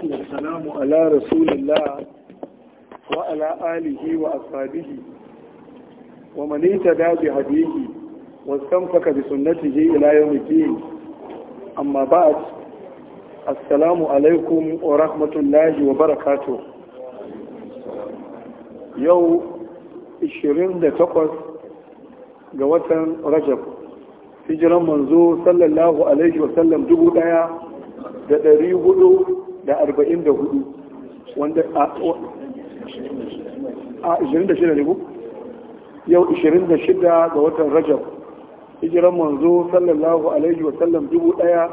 salatu wa salamu ala rasulillah wa ala alihi wa ashabihi wa man yata bi hadihi wa istamsaka bi sunnatihi ila yawm al-din amma ba'd assalamu alaikum wa rahmatullahi wa barakatuh yau 28 ga watan rajab hijiran manzo sallallahu alaihi wa sallam dubu daya da 400 da arba'in da hudu wanda a ishirin da shida ne ku yau ishirin da shida ga watan rajab hijiran manzo sallallahu alaihi wa sallam dubu daya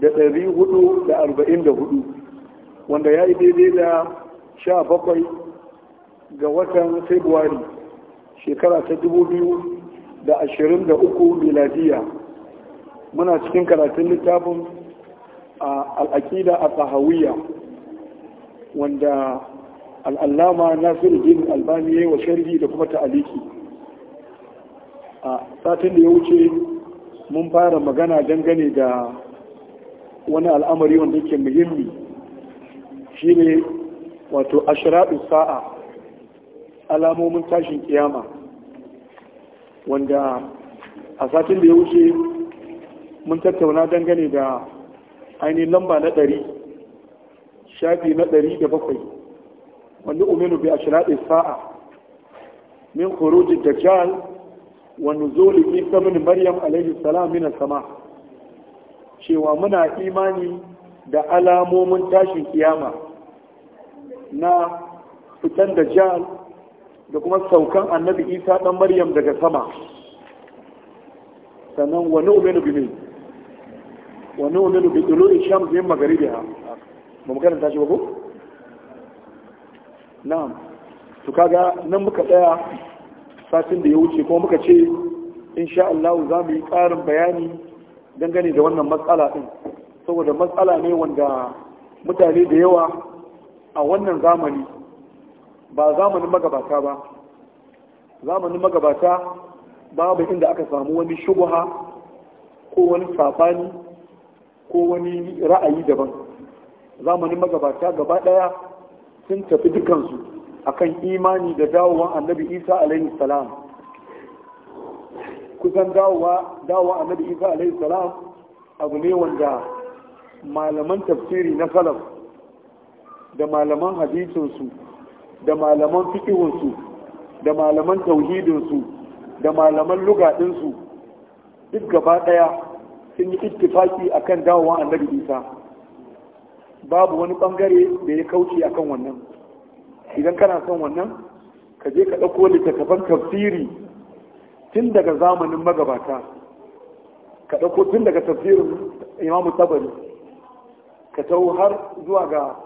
da dari hudu da arba'in da hudu wanda ya yi daidai da sha bakwai ga watan februari shekara ta dubu biyu da ashirin da uku miladiya muna cikin karatun littafin A al'aƙida a tsahawiyya wanda al'allama na firgin albani wa sharhi da kuma ta'aliki a satin da ya wuce mun fara magana dangane da wani al'amari wanda yake muhimmi shi ne wato ashiradu sa'a alamomin tashin kiyama wanda a satin da ya wuce mun tattauna dangane da ainihin lamba na ɗari shafi na ɗari da bakwai wanda umenu bi a shiraɗe sa'a min da jihar wani zoli isa min maryam alaihi salam mina sama cewa muna imani da alamomin tashin kiyama na fitan da jihar da kuma saukan annabi isa ɗan maryam daga sama sannan wani umenu bi mai wa nu'minu bi tulu'i shams min magharibiha mu karanta shi ba ko na'am to kaga nan muka tsaya satin da ya wuce kuma muka ce insha Allah za mu yi ƙarin bayani dangane da wannan matsala din saboda matsala ne wanda mutane da yawa a wannan zamani ba zamanin magabata ba zamanin magabata babu inda aka samu wani shubuha ko wani sabani ko wani ra'ayi daban zamanin magabata gaba ɗaya sun tafi dukansu a kan imani da dawowa annabi isa alaihi salam kusan dawowa dawowa annabi isa alaihi salam abu ne wanda malaman tafsiri na salaf da malaman hadisinsu da malaman fikihinsu da malaman tauhidinsu da malaman lugadinsu, duk gaba ɗaya sun yi ittifaki a kan dawowa annabi isa babu wani bangare da ya kauce a kan wannan idan kana son wannan ka je ka ɗauko littattafan tafsiri tun daga zamanin magabata ka ɗauko tun daga tafsirin imamu tabari ka tau har zuwa ga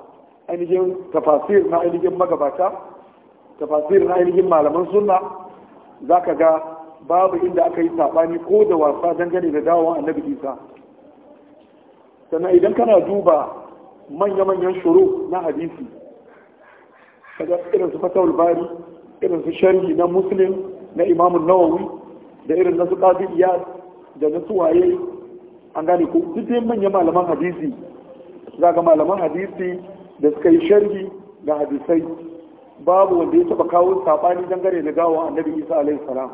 ainihin tafasir na ainihin magabata tafasir na ainihin malaman sunna za ka ga babu inda aka yi saɓani ko da wasa dangane da dawon annabi isa sannan idan kana duba manya-manyan shuru na hadisi kaga irin su fatawul bari irin su sharhi na muslim na imamun nawawi da irin na su qazi da na suwaye an gane ko duk manyan malaman hadisi za ga malaman hadisi da suka yi sharhi ga hadisai babu wanda ya taba kawo sabani dangane da gawa annabi isa alaihi salam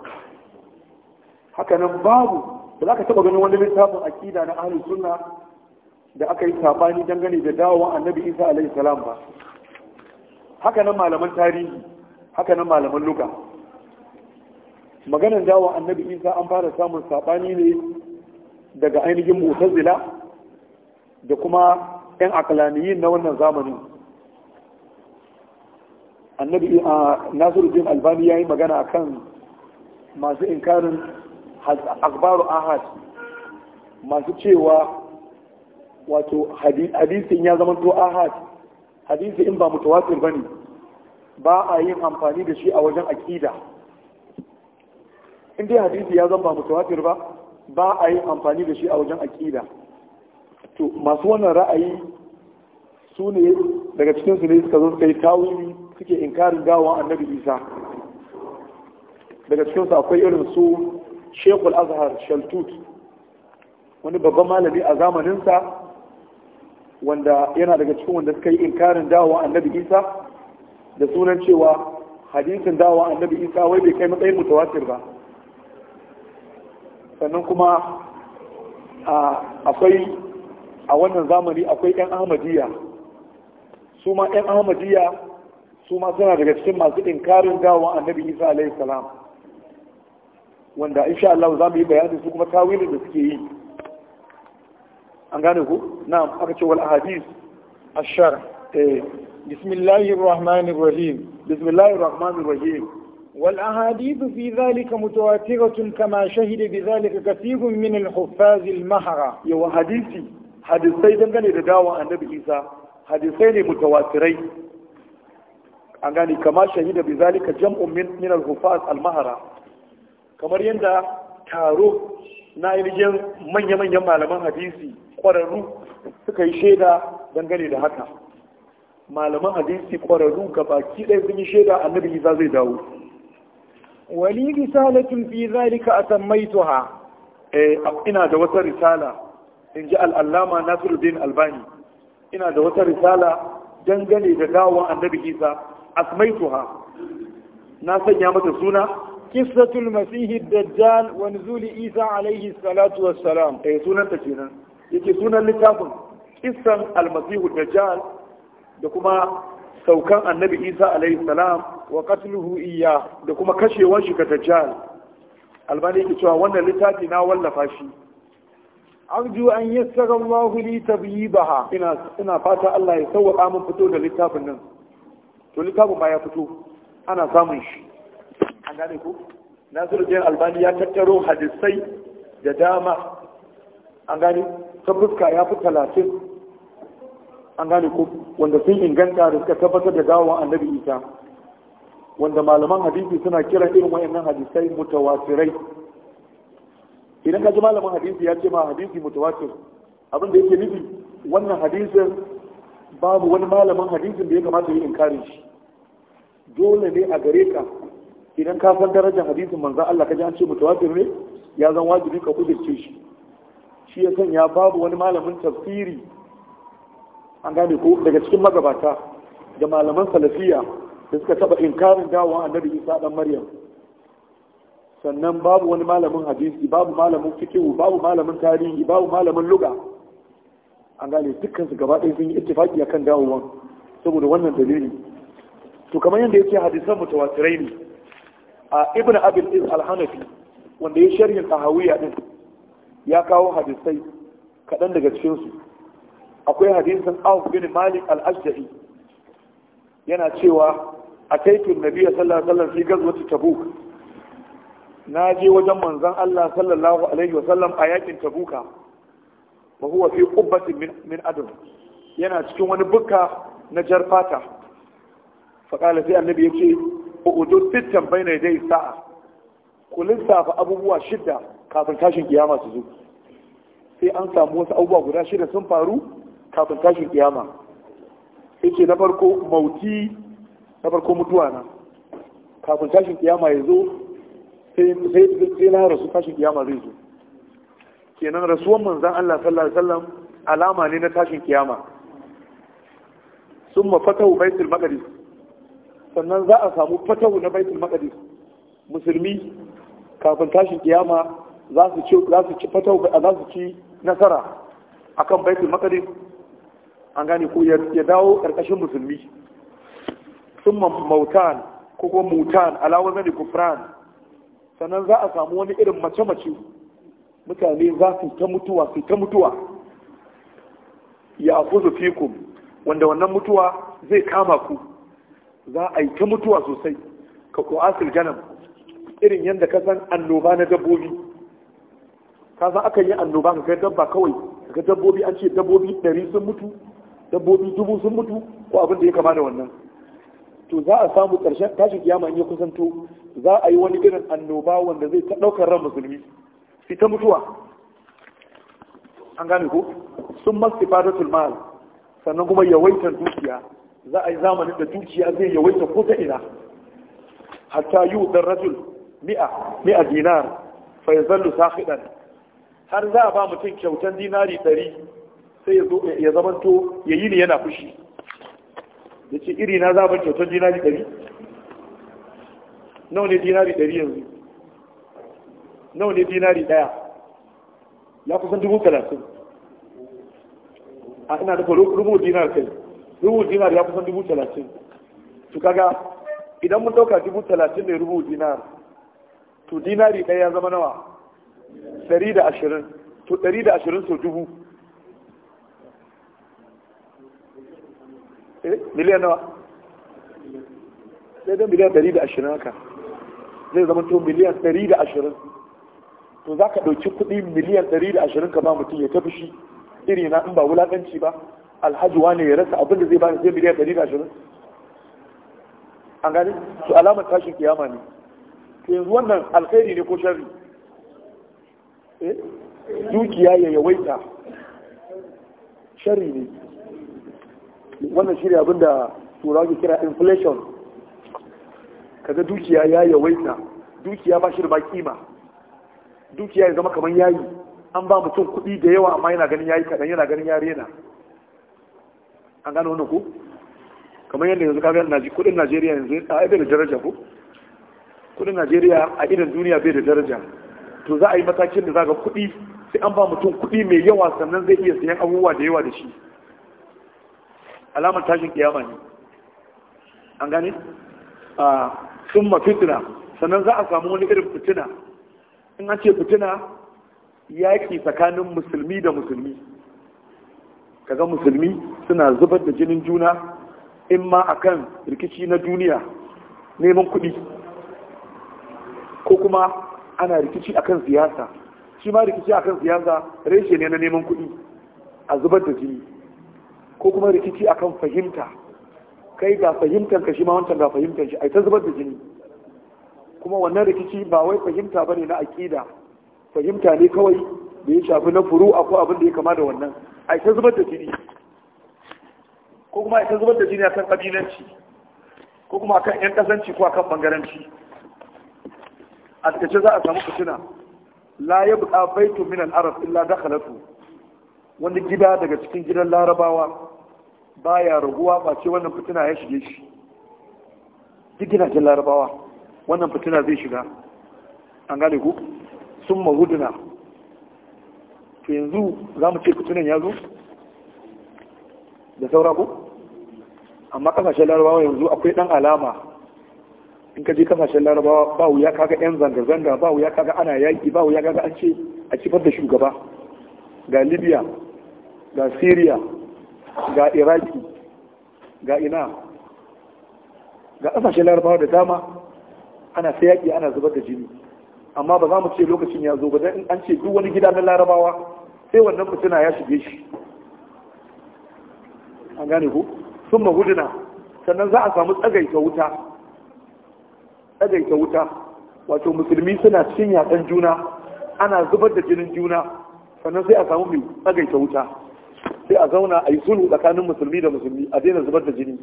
Hakanan babu da za ka taɓa ganin wani littafin akida na ahli sunna da aka yi saɓani dangane da dawowa annabi isa alaihi salam ba Hakanan malaman tarihi hakanan malaman luga maganar dawowa annabi isa an fara samun sabani ne daga ainihin mutazila da kuma 'yan akalaniyin na wannan zamanin annabi a albani ya yi magana akan masu inkarin akbaru ahad masu cewa wato hadisin ya zama to ahad hadisi in ba mutawatir bane ba a yin amfani da shi a wajen akida in dai hadisi ya zama ba mutawatir ba ba a yin amfani da shi a wajen akida to masu wannan ra'ayi su ne daga cikin su ne suka zo suka yi tawili suke inkarin gawa annabi isa daga cikin su akwai irin su shekul azhar shaltut wani babban malami a zamaninsa wanda yana daga cikin wanda suka yi inkarin dawowa annabi isa da sunan cewa hadisin dawowa annabi isa wai bai kai matsayin mutawatir ba sannan kuma akwai a wannan zamani akwai 'yan ahmadiyya su ma 'yan ahmadiyya su ma suna daga cikin masu inkarin dawowa annabi isa alaihi salam wanda insha Allah za mu yi bayanin su kuma tawilin da suke yi an gane ku na aka ce wal ahadis ashar eh bismillahir rahmanir rahim bismillahir rahmanir rahim wal ahadith fi dhalika mutawatiratun kama shahida bi dhalika kathirun min al huffaz al mahara yawa hadisi hadisai dangane da dawo annabi Isa hadisai ne mutawatirai an gane kama shahida bi dhalika jam'un min al huffaz al mahara kamar yadda taro na ainihin manya-manyan malaman hadisi ƙwararru suka yi shaida dangane da haka malaman hadisi ƙwararru ga baki ɗaya sun yi shaida annabi isa zai dawo wali risalatin fi zalika asammaituha eh ina da wata risala in ji al'allama nasiruddin albani ina da wata risala dangane da dawon annabi isa asmaituha na sanya mata suna قصة المسيح الدجال ونزول عيسى عليه الصلاة والسلام أي سنة تكينا يكي سنة da قصة المسيح الدجال دكما سوكان النبي عيسى عليه السلام وقتله إياه دكما كشي وانشك دجال albani yake cewa wannan littafi na wallafa shi arju an yassara Allah li tabyibaha ina ina fata Allah ya sauwaka mun fito da littafin nan to littafin ba ya fito ana samun shi an gane ku Nasiru nasiruddin albani ya tattaro hadisai da dama an gane ta fuska ya fi talatin an gane ku wanda sun inganta da suka tabbatar da gawan annabi isa wanda malaman hadisi suna kiran irin wayannan hadisai mutawatirai idan ka ji malamin hadisi ya ce ma hadisi mutawatir abin da yake nufi wannan hadisin babu wani malamin hadisin da ya kamata yi inkarin shi dole ne a gare ka idan ka san darajar hadisin manzan Allah ka ji an ce mutawatir ne ya zan wajibi ka kudurce shi shi ya sanya babu wani malamin tafsiri an gane ko daga cikin magabata da malaman salafiya da suka taba inkarin dawowa annabi Isa dan Maryam sannan babu wani malamin hadisi babu malamin fikihu babu malamin tarihi babu malamin luga an gane dukkan su gaba ɗaya sun yi ittifaki akan dawowa saboda wannan dalili to kamar yadda yake hadisan mutawatirai ne a ibn abin iz al-hanafi wanda ya sharhin tahawiyya din ya kawo hadisai kaɗan daga cikinsu akwai hadisin auf bin malik al-ashja'i yana cewa a taitun nabiya sallallahu alaihi wasallam fi gazwati tabuk na je wajen manzon Allah sallallahu alaihi wasallam a yakin tabuka wa huwa fi qubbatin min min adam yana cikin wani bukka na jarfata fa qala sai annabi yace udu sittan bayna dai sa'a ku lissafa abubuwa shidda kafin tashin kiyama su zo sai an samu wasu abubuwa guda shida sun faru kafin tashin kiyama yake na farko mauti na farko mutuwa na kafin tashin kiyama ya zo sai na rasu tashin kiyama zai zo kenan rasuwan manzan Allah sallallahu alaihi wasallam alama ne na tashin kiyama sun mafata baitul maqdis sannan za a samu fatahu na baitul maqdis musulmi kafin tashin kiyama za su ci za su ci fatahu za su ci nasara akan baitul maqdis an gane ko ya dawo karkashin musulmi summa mautan ko kuma mutan alawa da kufran sannan za a samu wani irin mace-mace mutane za su ta mutuwa su ta mutuwa ya akuzu fikum wanda wannan mutuwa zai kama ku za a yi ta mutuwa sosai ka ku'asil ganam irin yadda ka san annoba na dabbobi ka san akan yi annoba ka kai dabba kawai ka dabbobi an ce dabbobi ɗari sun mutu dabbobi dubu sun mutu ko abin da ya kama da wannan to za a samu ƙarshen tashin kiyama in ya kusanto za a yi wani irin annoba wanda zai ta ɗaukar ran musulmi fi ta mutuwa an gane ko sun masu ifadatul mal sannan kuma yawaitar dukiya za a yi zamanin da dukiya zai yawaita ko ta ina hatta yi dan rajul mi'a mi'a dinar fa yazallu sahidan har za a ba mutum kyautan dinari ɗari sai ya zamanto ya yi ne yana fushi da ce iri na za a ban kyautan dinari ɗari nawa ne dinari ɗari yanzu nawa ne dinari ɗaya ya kusan dubu talatin a ina da rubu dinar kai rubu dinar ya kusan dubu talatin to kaga idan mun dauka dubu talatin ne rubu dinar to dinari ɗaya ya zama nawa ɗari da ashirin to ɗari da ashirin sau dubu eh, miliyan nawa sai don miliyan ɗari da ashirin haka zai zama to miliyan ɗari da ashirin to za ka ɗauki kuɗi miliyan ɗari da ashirin ka ba mutum ya tafi shi iri na in ba wulaƙanci ba alhaji wane ya rasa abin da zai bani sai miliyan ɗari da an gani su alamar tashin kiyama ne to yanzu wannan alkhairi ne ko shari? Eh? dukiya ya yawaita shari ne wannan shirya abinda turawa ke kira inflation kaga dukiya ya yawaita dukiya ba shi kima dukiya ya zama kamar yayi an ba mutum kuɗi da yawa amma yana ganin yayi kaɗan yana ganin yare na an gano wani ku? kamar yadda yanzu kaga naji kudin Najeriya yanzu a bai da daraja ku? kudin Najeriya a idan duniya bai da daraja to za a yi matakin da zaga kudi sai an ba mutum kudi mai yawa sannan zai iya sayan abubuwa da yawa da shi alamar tashin kiyama ne an gane a summa fitna sannan za a samu wani irin fitina in an ce fitina yaƙi tsakanin musulmi da musulmi Ka ga musulmi suna zubar da jinin juna in ma akan rikici na duniya neman kuɗi ko kuma ana rikici akan siyasa shi ma rikici akan siyasa reshe ne na neman kuɗi a zubar da jini ko kuma rikici akan fahimta kai ga fahimtar ka shi ma wancan ga fahimtar shi a ta zubar da jini kuma wannan rikici ba wai fahimta ba ne na aƙida fahimta ne kawai da ya shafi na furu ko abin da ya kama da wannan a ta zubar da jini ko kuma ita zubar da jini akan kabilanci ko kuma akan yan kasanci ko akan bangaranci a takaice za a samu fitina la buɗa baitun min al-arab illa halatu wani gida daga cikin gidan larabawa baya raguwa ba ce wannan fitina ya shige shi duk gidajen larabawa wannan fitina zai shiga an gane ku sun mahuduna to yanzu za mu ce fitinan ya zo da saura ku amma kasashen larabawa yanzu akwai dan alama in ka je kasashen larabawa ba wuya kaga yan zanga-zanga ba wuya kaga ana yaki ba wuya kaga an ce a cifar da shugaba ga libya ga syria ga iraki ga ina ga kasashen larabawa da dama ana sai yaki ana zubar da jini amma ba za mu ce lokacin ya zo ba dan an ce duk wani gida na larabawa sai wannan mutuna ya shige shi an gane ku sun mahudina sannan za a samu tsagaita wuta tsagaita wuta wato musulmi suna cin yaƙan juna ana zubar da jinin juna sannan sai a samu mai tsagaita wuta sai a zauna a yi sulhu tsakanin musulmi da musulmi a daina zubar da jini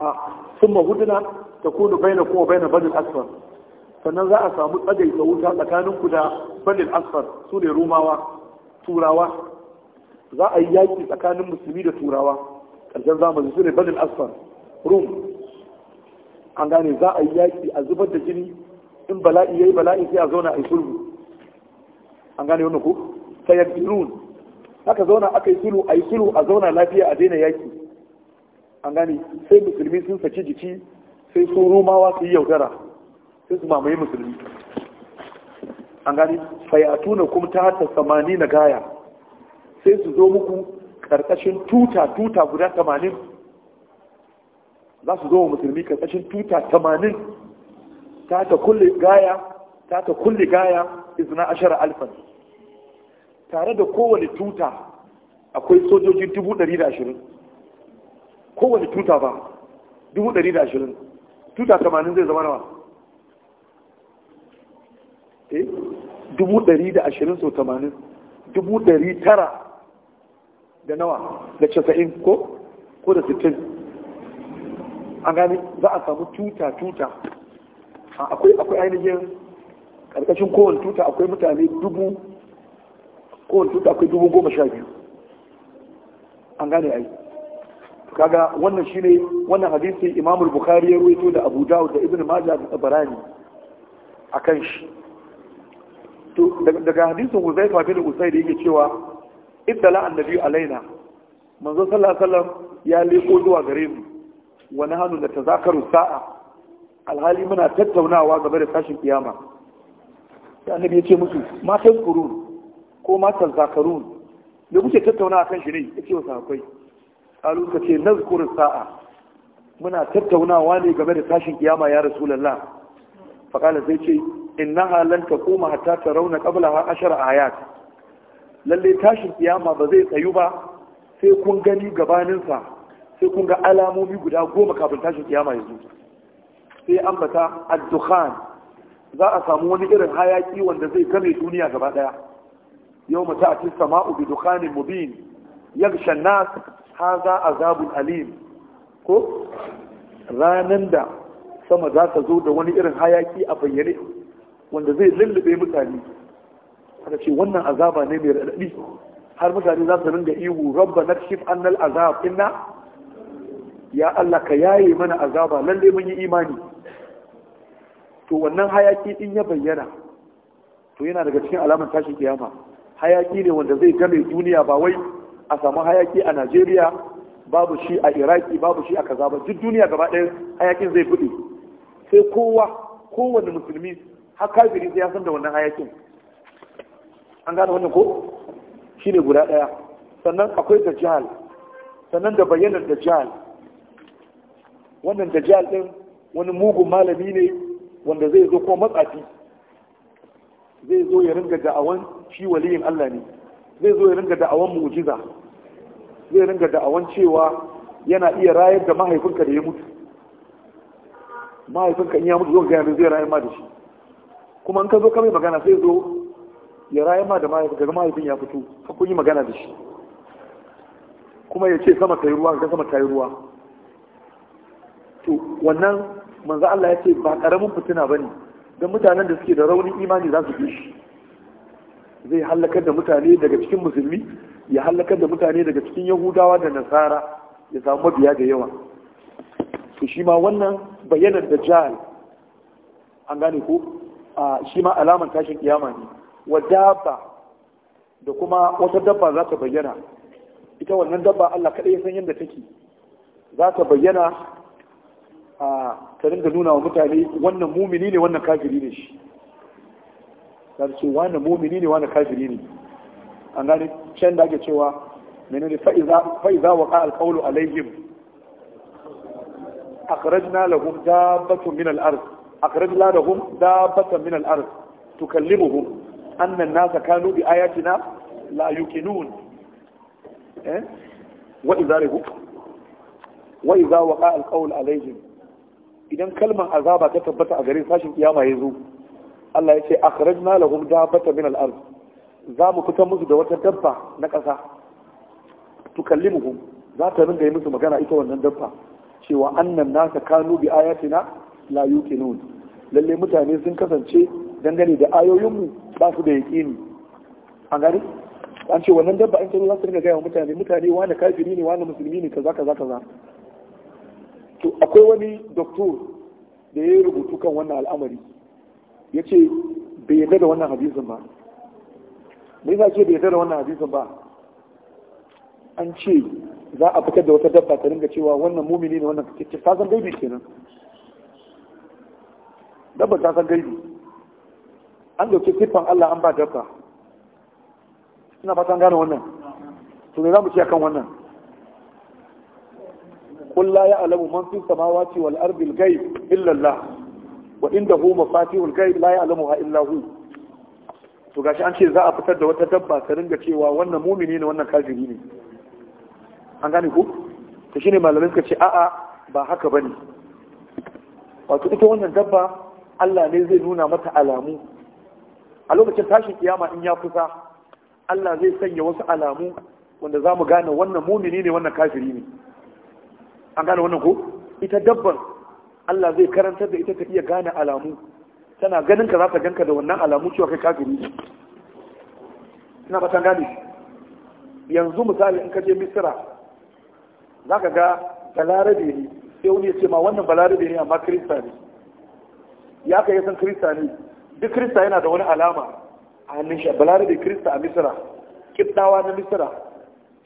a sun mahudina ta kudu baina kuma baina banin asfar sannan za a samu tsagaita wuta tsakanin ku da banin asfar su ne rumawa turawa za a yi yaƙi tsakanin musulmi da turawa ƙarshen zamani su ne banin asfar rum an gane za a yi yaƙi a zubar da jini in bala'i ya yi bala'i sai a zauna a yi sulhu an gane wannan ku sayyadirun haka zauna aka yi sulhu a yi sulhu a zauna lafiya a daina yaƙi an gane sai musulmi sun saki jiki sai su rumawa su yi yaudara sai su mamaye musulmi an gane fayatuna kuma ta hata samani na gaya sai su zo muku karkashin tuta tuta guda tamanin za su zo wa musulmi karkashin tuta tamanin ta ta kulle gaya ta ta kulle gaya izina ashara alfan tare da kowane tuta akwai sojoji dubu ɗari da ashirin kowane tuta ba dubu ɗari da ashirin tuta tamanin zai zama nawa eh, dubu ɗari da ashirin sau tamanin dubu ɗari tara da nawa da casa'in ko ko da sittin an gani za a samu tuta tuta akwai akwai ainihin karkashin kowane tuta akwai mutane dubu kowane tuta akwai dubu goma sha biyu an gane ai kaga wannan shine wannan hadisi imamul bukhari ya ruwaito da abu dawud da ibn majah da tabarani kan shi to daga hadisin uzaifa bin usaid yake cewa la annabi alaina manzo sallallahu alaihi wasallam ya liko zuwa gare mu wa nahnu natazakaru sa'a alhali muna tattaunawa game da tashin kiyama sai annabi ya ce musu ma tazkurun ko ma tazakarun me kuke tattaunawa kan shi ne yace wa sahabbai qalu ka ce nazkuru sa'a muna tattaunawa ne game da tashin kiyama ya rasulullah qala sai ce innaha lan taquma hatta tarawna qablaha ashara ayat lalle tashin kiyama ba zai tsayu ba sai kun gani gabaninsa sai kun ga alamomi guda goma kafin tashin kiyama ya zo sai ambata ad-dukhan za a samu wani irin hayaki wanda zai game duniya gaba daya yawma ta'ti as-sama'u bi dukhanin mubin yaghsha an-nas hadha azabun alim ko ranan da sama za ta zo da wani irin hayaki a bayyane wanda zai lullube mutane aka ce wannan azaba ne mai raɗaɗi har mutane za su ringa ihu rabba na shif annal azab inna ya Allah ka yaye mana azaba lalle mun yi imani to wannan hayaki din ya bayyana to yana daga cikin alamar tashin kiyama hayaki ne wanda zai game duniya ba wai a samu hayaki a Najeriya babu shi a Iraki babu shi a kaza ba duk duniya gaba ɗaya hayakin zai buɗe sai kowa kowanne musulmi har kafiri sai ya san da wannan hayakin an gane wannan ko shi ne guda ɗaya sannan akwai dajjal sannan da bayyanar dajjal wannan dajjal ɗin wani mugun malami ne wanda zai zo ko matsafi zai zo ya ringa da'awan shi waliyin Allah ne zai zo ya ringa da'awan mu'jiza zai ringa da'awan cewa yana iya rayar da mahaifinka da ya mutu mahaifinka in ya mutu zo ga yanzu zai rayar ma da shi kuma in ka zo ka mai magana sai zo ya rayu ma da daga mahaifin ya fito ka kun yi magana da shi kuma ya ce sama ta yi ruwa ga sama ta ruwa to wannan manzo Allah ya ce ba karamin fitina ne, don mutanen da suke da raunin imani za su bi shi zai halakar da mutane daga cikin musulmi ya halakar da mutane daga cikin yahudawa da nasara ya samu mabiya da yawa to shi ma wannan bayanan da jahal an gane ko shi ma alamar tashin kiyama ne Wadaba da kuma wata dabba za ta bayyana ita wannan dabba Allah kaɗai ya san yadda take za ta bayyana a ta ringa nuna wa mutane wannan mumini ne wannan kafiri ne shi za ta ce wannan mumini ne wannan kafiri ne an gane can da ake cewa menene fa'iza wa ƙa'al ƙaulu alaihim أخرجنا لهم دابة من الأرض أخرجنا لهم دابة من الأرض تكلمهم annan nasa kanu bi ayatina la yuqinun eh wa idza rihu wa idza waqa alqawl alaihim idan kalman azaba ta tabbata a gare sashin kiyama ya zo Allah ya ce akhrajna lahum dabbata min al-ard za mu fita musu da wata dabba na ƙasa tukallimuhum za ta ringa yi musu magana ita wannan dabba cewa annan nasa kanu bi ayatina la yuqinun lalle mutane sun kasance dangane da ayoyinmu ba su da yaƙi ne an gani an ce wannan dabba in ta za su rinka gaya wa mutane mutane wani kafiri ne wani musulmi ne kaza kaza kaza to akwai wani doktor da ya yi rubutu kan wannan al'amari ya ce bai yarda da wannan hadisin ba me za ce bai yarda da wannan hadisin ba an ce za a fitar da wata dabba ta ringa cewa wannan mumini ne wannan kake ta san gaibi kenan dabba ta san gaibi an dauki siffan Allah an ba dabba ina fatan gane wannan to me za mu ce akan wannan قل لا يعلم من في السماوات والأرض الغيب إلا الله وعنده مفاتيح الغيب لا يعلمها إلا هو to gashi an ce za a fitar da wata dabba ta ringa cewa wannan mumini ne wannan kafiri ne an gane ku to shine malamin suka ce a'a ba haka bane wato ita wannan dabba Allah ne zai nuna mata alamu a lokacin tashin kiyama in ya kusa Allah zai sanya wasu alamu wanda za mu gane wannan mumini ne wannan kafiri ne an gane wannan ko ita dabban Allah zai karantar da ita ta iya gane alamu tana ganin ka za ta ganka da wannan alamu cewa kai kafiri ne ina fatan gane yanzu misali in ka je misira za ka ga balarabe ne sai wani ya ce ma wannan balarabe ne amma kirista ne ya kai san kirista ne duk krista yana da wani alama a hannun shi balarabe krista a misira kiddawa na misira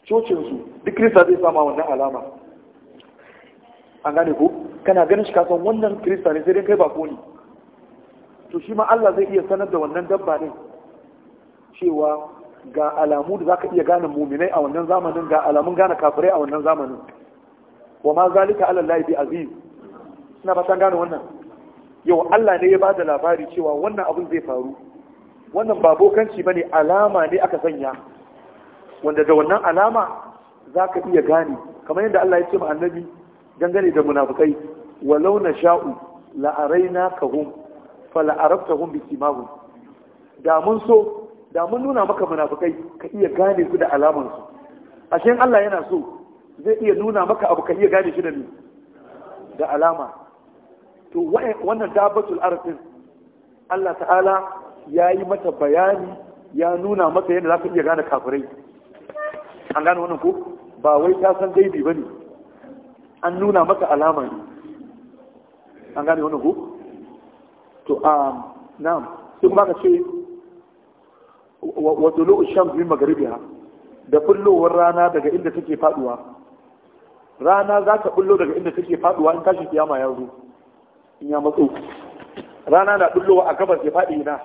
cocinsu duk krista zai sama wannan alama an gane ko kana ganin shi kasan wannan krista ne sai dai kai bako ne to shi ma Allah zai iya sanar da wannan dabba ne cewa ga alamu da zaka iya gane muminai a wannan zamanin ga alamun gane kafirai a wannan zamanin wa ma zalika alallahi bi aziz ina ba san gane wannan yau Allah ne ya ba da labari cewa wannan abin zai faru wannan ba bokanci ba ne alama ne aka sanya wanda da wannan alama za ka iya gane kamar yadda Allah ya ce ma annabi dangane da munafukai walau na sha'u la'araina kahum fa la'arabtahum bi simahum da mun so da mun nuna maka munafukai ka iya gane su da alamansu. ashe Allah yana so zai iya nuna maka abu ka iya gane shi da ni da alama to wannan dabatul arfin Allah ta'ala ya yi mata bayani ya nuna mata yadda za ka iya gane kafirai an gane wannan ko ba wai ta san gaibi ba ne an nuna mata alama ne an gane wannan ko to a ah, na'am sai ba ka ce wato lo'u sham bin magaribiya da fullowar rana daga inda take faduwa rana za ta bullo daga inda take faduwa in tashi kiyama ya zo in ya matso rana na ɗullowa a gabas ya faɗi na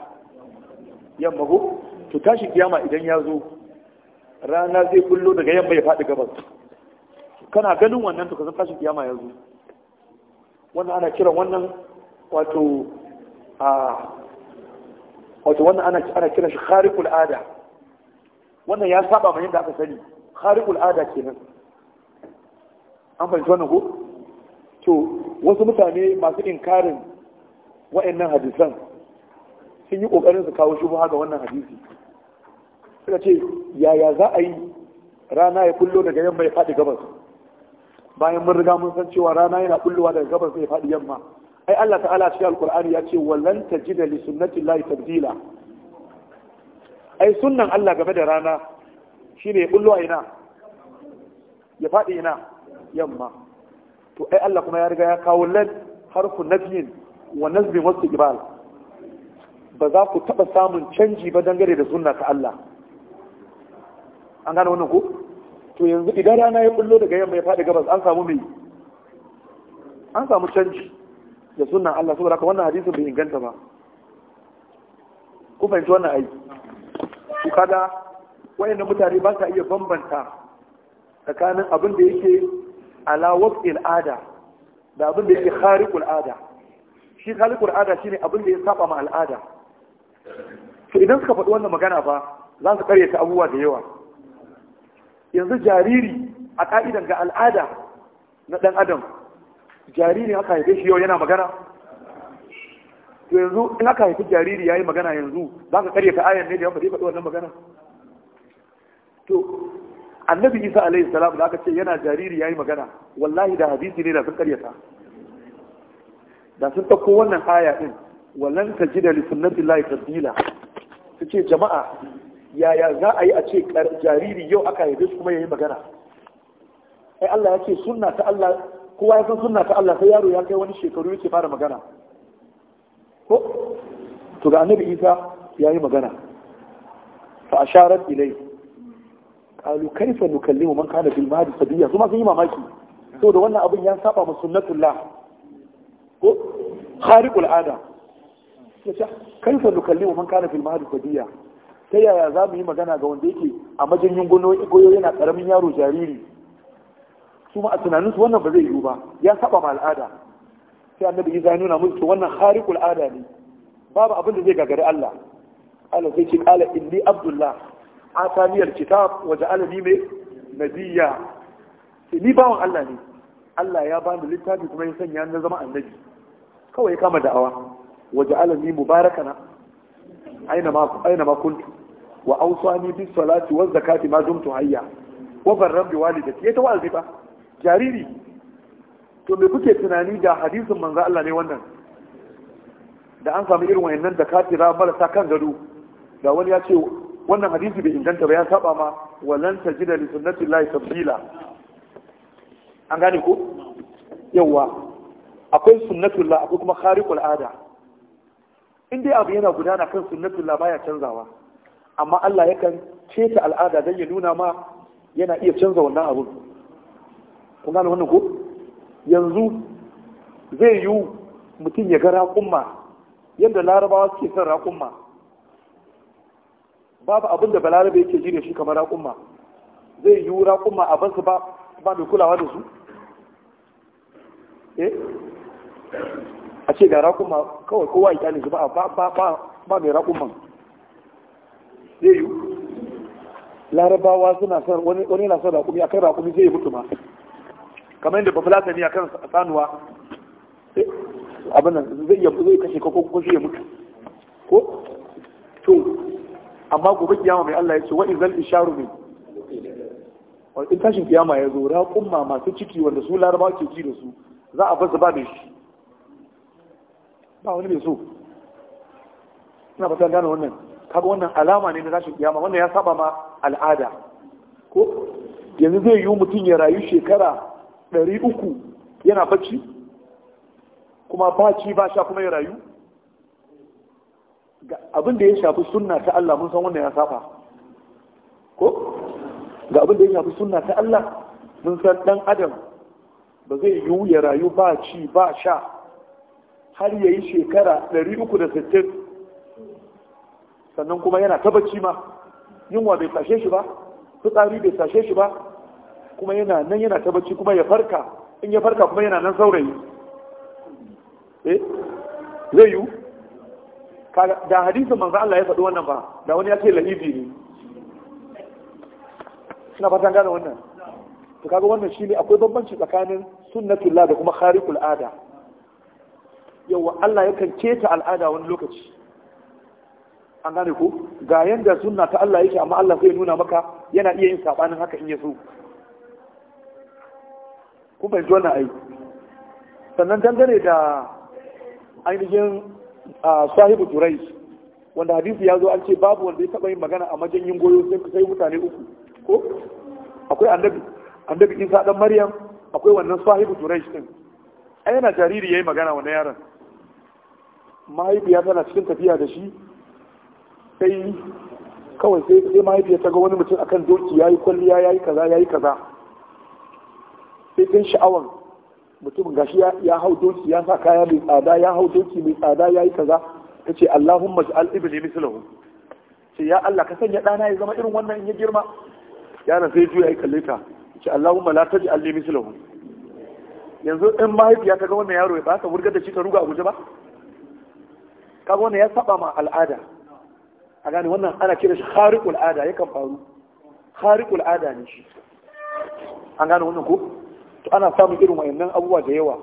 yamma ko to tashi kiyama idan ya zo rana zai kullo daga yamma ya faɗi gabas kana ganin wannan to ka san tashi kiyama ya zo wannan ana kiran wannan wato a wato wannan ana ana kiran shi khariqul ada wannan ya saba mai yadda aka sani khariqul ada kenan an fahimci wannan ko to wasu mutane masu inkarin wa'annan hadisan sun yi ƙoƙarin su kawo shubuha ga wannan hadisi suka ce yaya za a yi rana ya kullo daga yamma ya faɗi gabas bayan mun riga mun san cewa rana yana kullowa daga gabas ya faɗi yamma ai Allah ta'ala cikin alkur'ani ya ce wallan tajida li sunnati llahi tabdila ai sunnan Allah game da rana shine ya ina ya faɗi ina yamma to ai Allah kuma ya riga ya kawo lan harfu nafiyin wa nazbin wasu istiqbal ba za ku taba samun canji ba dangare da sunna ta Allah an gane wannan ko to yanzu idan rana ya bullo daga yamma ya faɗi gabas an samu mai an samu canji da sunan Allah saboda haka wannan hadisin bai inganta ba ku fahimci wannan ai ku kada wayannan mutane ba sa iya bambanta tsakanin abin da yake ala waqtil al'ada da abin da yake khariqul ada shi khariqul ada shine abin da ya saba ma al'ada to idan suka faɗi wannan magana ba za su ta abubuwa da yawa yanzu jariri a ka'idan ga al'ada na dan adam jariri haka haife shi yau yana magana to yanzu in aka haifi jariri yayi magana yanzu za ka ta ayan ne da ya faɗi faɗi wannan magana to annabi isa alaihi salam da aka ce yana jariri yayi magana wallahi da hadisi ne da sun karyata da sun ɗauko wannan aya ɗin walan tajida ji da llahi lai tabdila su ce jama'a yaya za a yi a ce jariri yau aka yi shi kuma yayi magana ai Allah ya ce sunna ta Allah kowa ya san sunna ta Allah sai yaro ya kai wani shekaru yake fara magana ko to ga annabi Isa yayi magana fa asharat ilayhi qalu kaifa nukallimu man kana bil mahdi sabiya kuma sun yi mamaki so da wannan abin ya saba mu sunnatullah ko khariqul ada yace kaifa nukallimu man kana bil mahdi sabiya ta yaya za mu yi magana ga wanda yake a majanyin goyo yana karamin yaro jariri su ma a tunaninsu wannan ba zai yiwu ba ya saba ma al'ada sai annabi isa ya nuna musu wannan khariqul ada ne babu abin da zai gagari Allah Allah sai ce kala inni abdullah ataniyar kitab waje alani mai nabiya sai ni bawan Allah ne Allah ya bani littafi kuma ya sanya na zama annabi kawai ya kama da'awa waje alani mubarakana aina ma kuntu wa ausani bis salati waz zakati ma dumtu hayya wa barram bi walidati ya tawazi ba jariri to me kuke tunani da hadisin manzo Allah ne wannan da an samu irin wayannan da katira marasa kan gado da wani ya ce wannan hadisi bai inganta ba ya saba ma walan tajida li llahi tabdila an gane ko yawa akwai sunnatullah akwai kuma khariqul ada in dai abu yana gudana kan sunnatullah baya canzawa amma Allah yakan ta al'ada dan ya nuna ma yana iya canza wannan abu kun gane wannan ko yanzu zai yi mutum ya ga raƙumma yadda larabawa suke son raƙumma babu abin da balarabe yake ji da shi kamar raƙumma zai yi raƙumma a bansu ba mai kulawa da su eh a ce ga raƙumma kawai kowa ya kyale ba ba mai raƙumman zai yi larabawa suna son wani yana son raƙumi akan raƙumi zai yi mutu ma kamar yadda bafulata ne akan sanuwa eh, abin nan zai kashe ko mutu ko amma gobe kiyama mai Allah ya ce wa'in zal isharu ne in tashin kiyama ya zo raƙumma masu ciki wanda su larabawa ke ji da su za a fasa ba da shi ba wani mai so ina fata gane wannan kaga wannan alama ne na tashin kiyama wannan ya saba ma al'ada ko yanzu zai yi mutum ya rayu shekara ɗari uku yana bacci kuma ba ci ba sha kuma ya rayu abin da ya shafi sunna ta Allah mun san wannan ya safa, ko ga abin da ya shafi sunna ta Allah mun san dan adam ba zai yiwu ya rayu ba ci ba sha har ya yi shekara 360 sannan kuma yana ta bacci ma yunwa bai tashe shi ba fitsari bai tashe shi ba kuma yana nan yana ta bacci kuma ya farka in ya farka kuma yana nan saurayi eh zai yiwu da hadisin manzo Allah ya faɗi wannan ba da wani ya ce la'ibi ne suna fatan gane wannan to kaga wannan shine akwai bambanci tsakanin sunnatullah da kuma khariqul ada yawa Allah yakan keta al'ada wani lokaci an gane ko ga yanda sunna ta Allah yake amma Allah zai nuna maka yana iya yin sabanin haka in ya so ku bai wannan ai sannan dangane da ainihin sahibu Turai. wanda hadisi ya zo an ce babu wanda ya taba yin magana a majanyin goyo sai mutane uku ko akwai annabi annabi isa dan maryam akwai wannan sahibu turais din ai yana jariri yayi magana wannan yaron mahaifiya tana cikin tafiya da shi sai kawai sai sai mahaifiya ta ga wani mutum akan doki yayi kwalliya yayi kaza yayi kaza sai kai sha'awan mutum gashi ya hau doki ya sa kaya mai tsada ya hau doki mai tsada ya yi kaza ta ce Allahumma ij'al ibni mislahu ce ya Allah ka sanya ɗana ya zama irin wannan in ya girma na sai juya ya kalle ta ce Allahumma la taj'al li mislahu yanzu in mahaifiya ta ga wannan yaro ya ba ta wurgar da shi ta ruga a guje ba ga wannan ya saba ma al'ada a gane wannan ana kira shi khariqul ada kan faru khariqul ada ne shi an gane wannan ko to ana samun irin wayannan abubuwa da yawa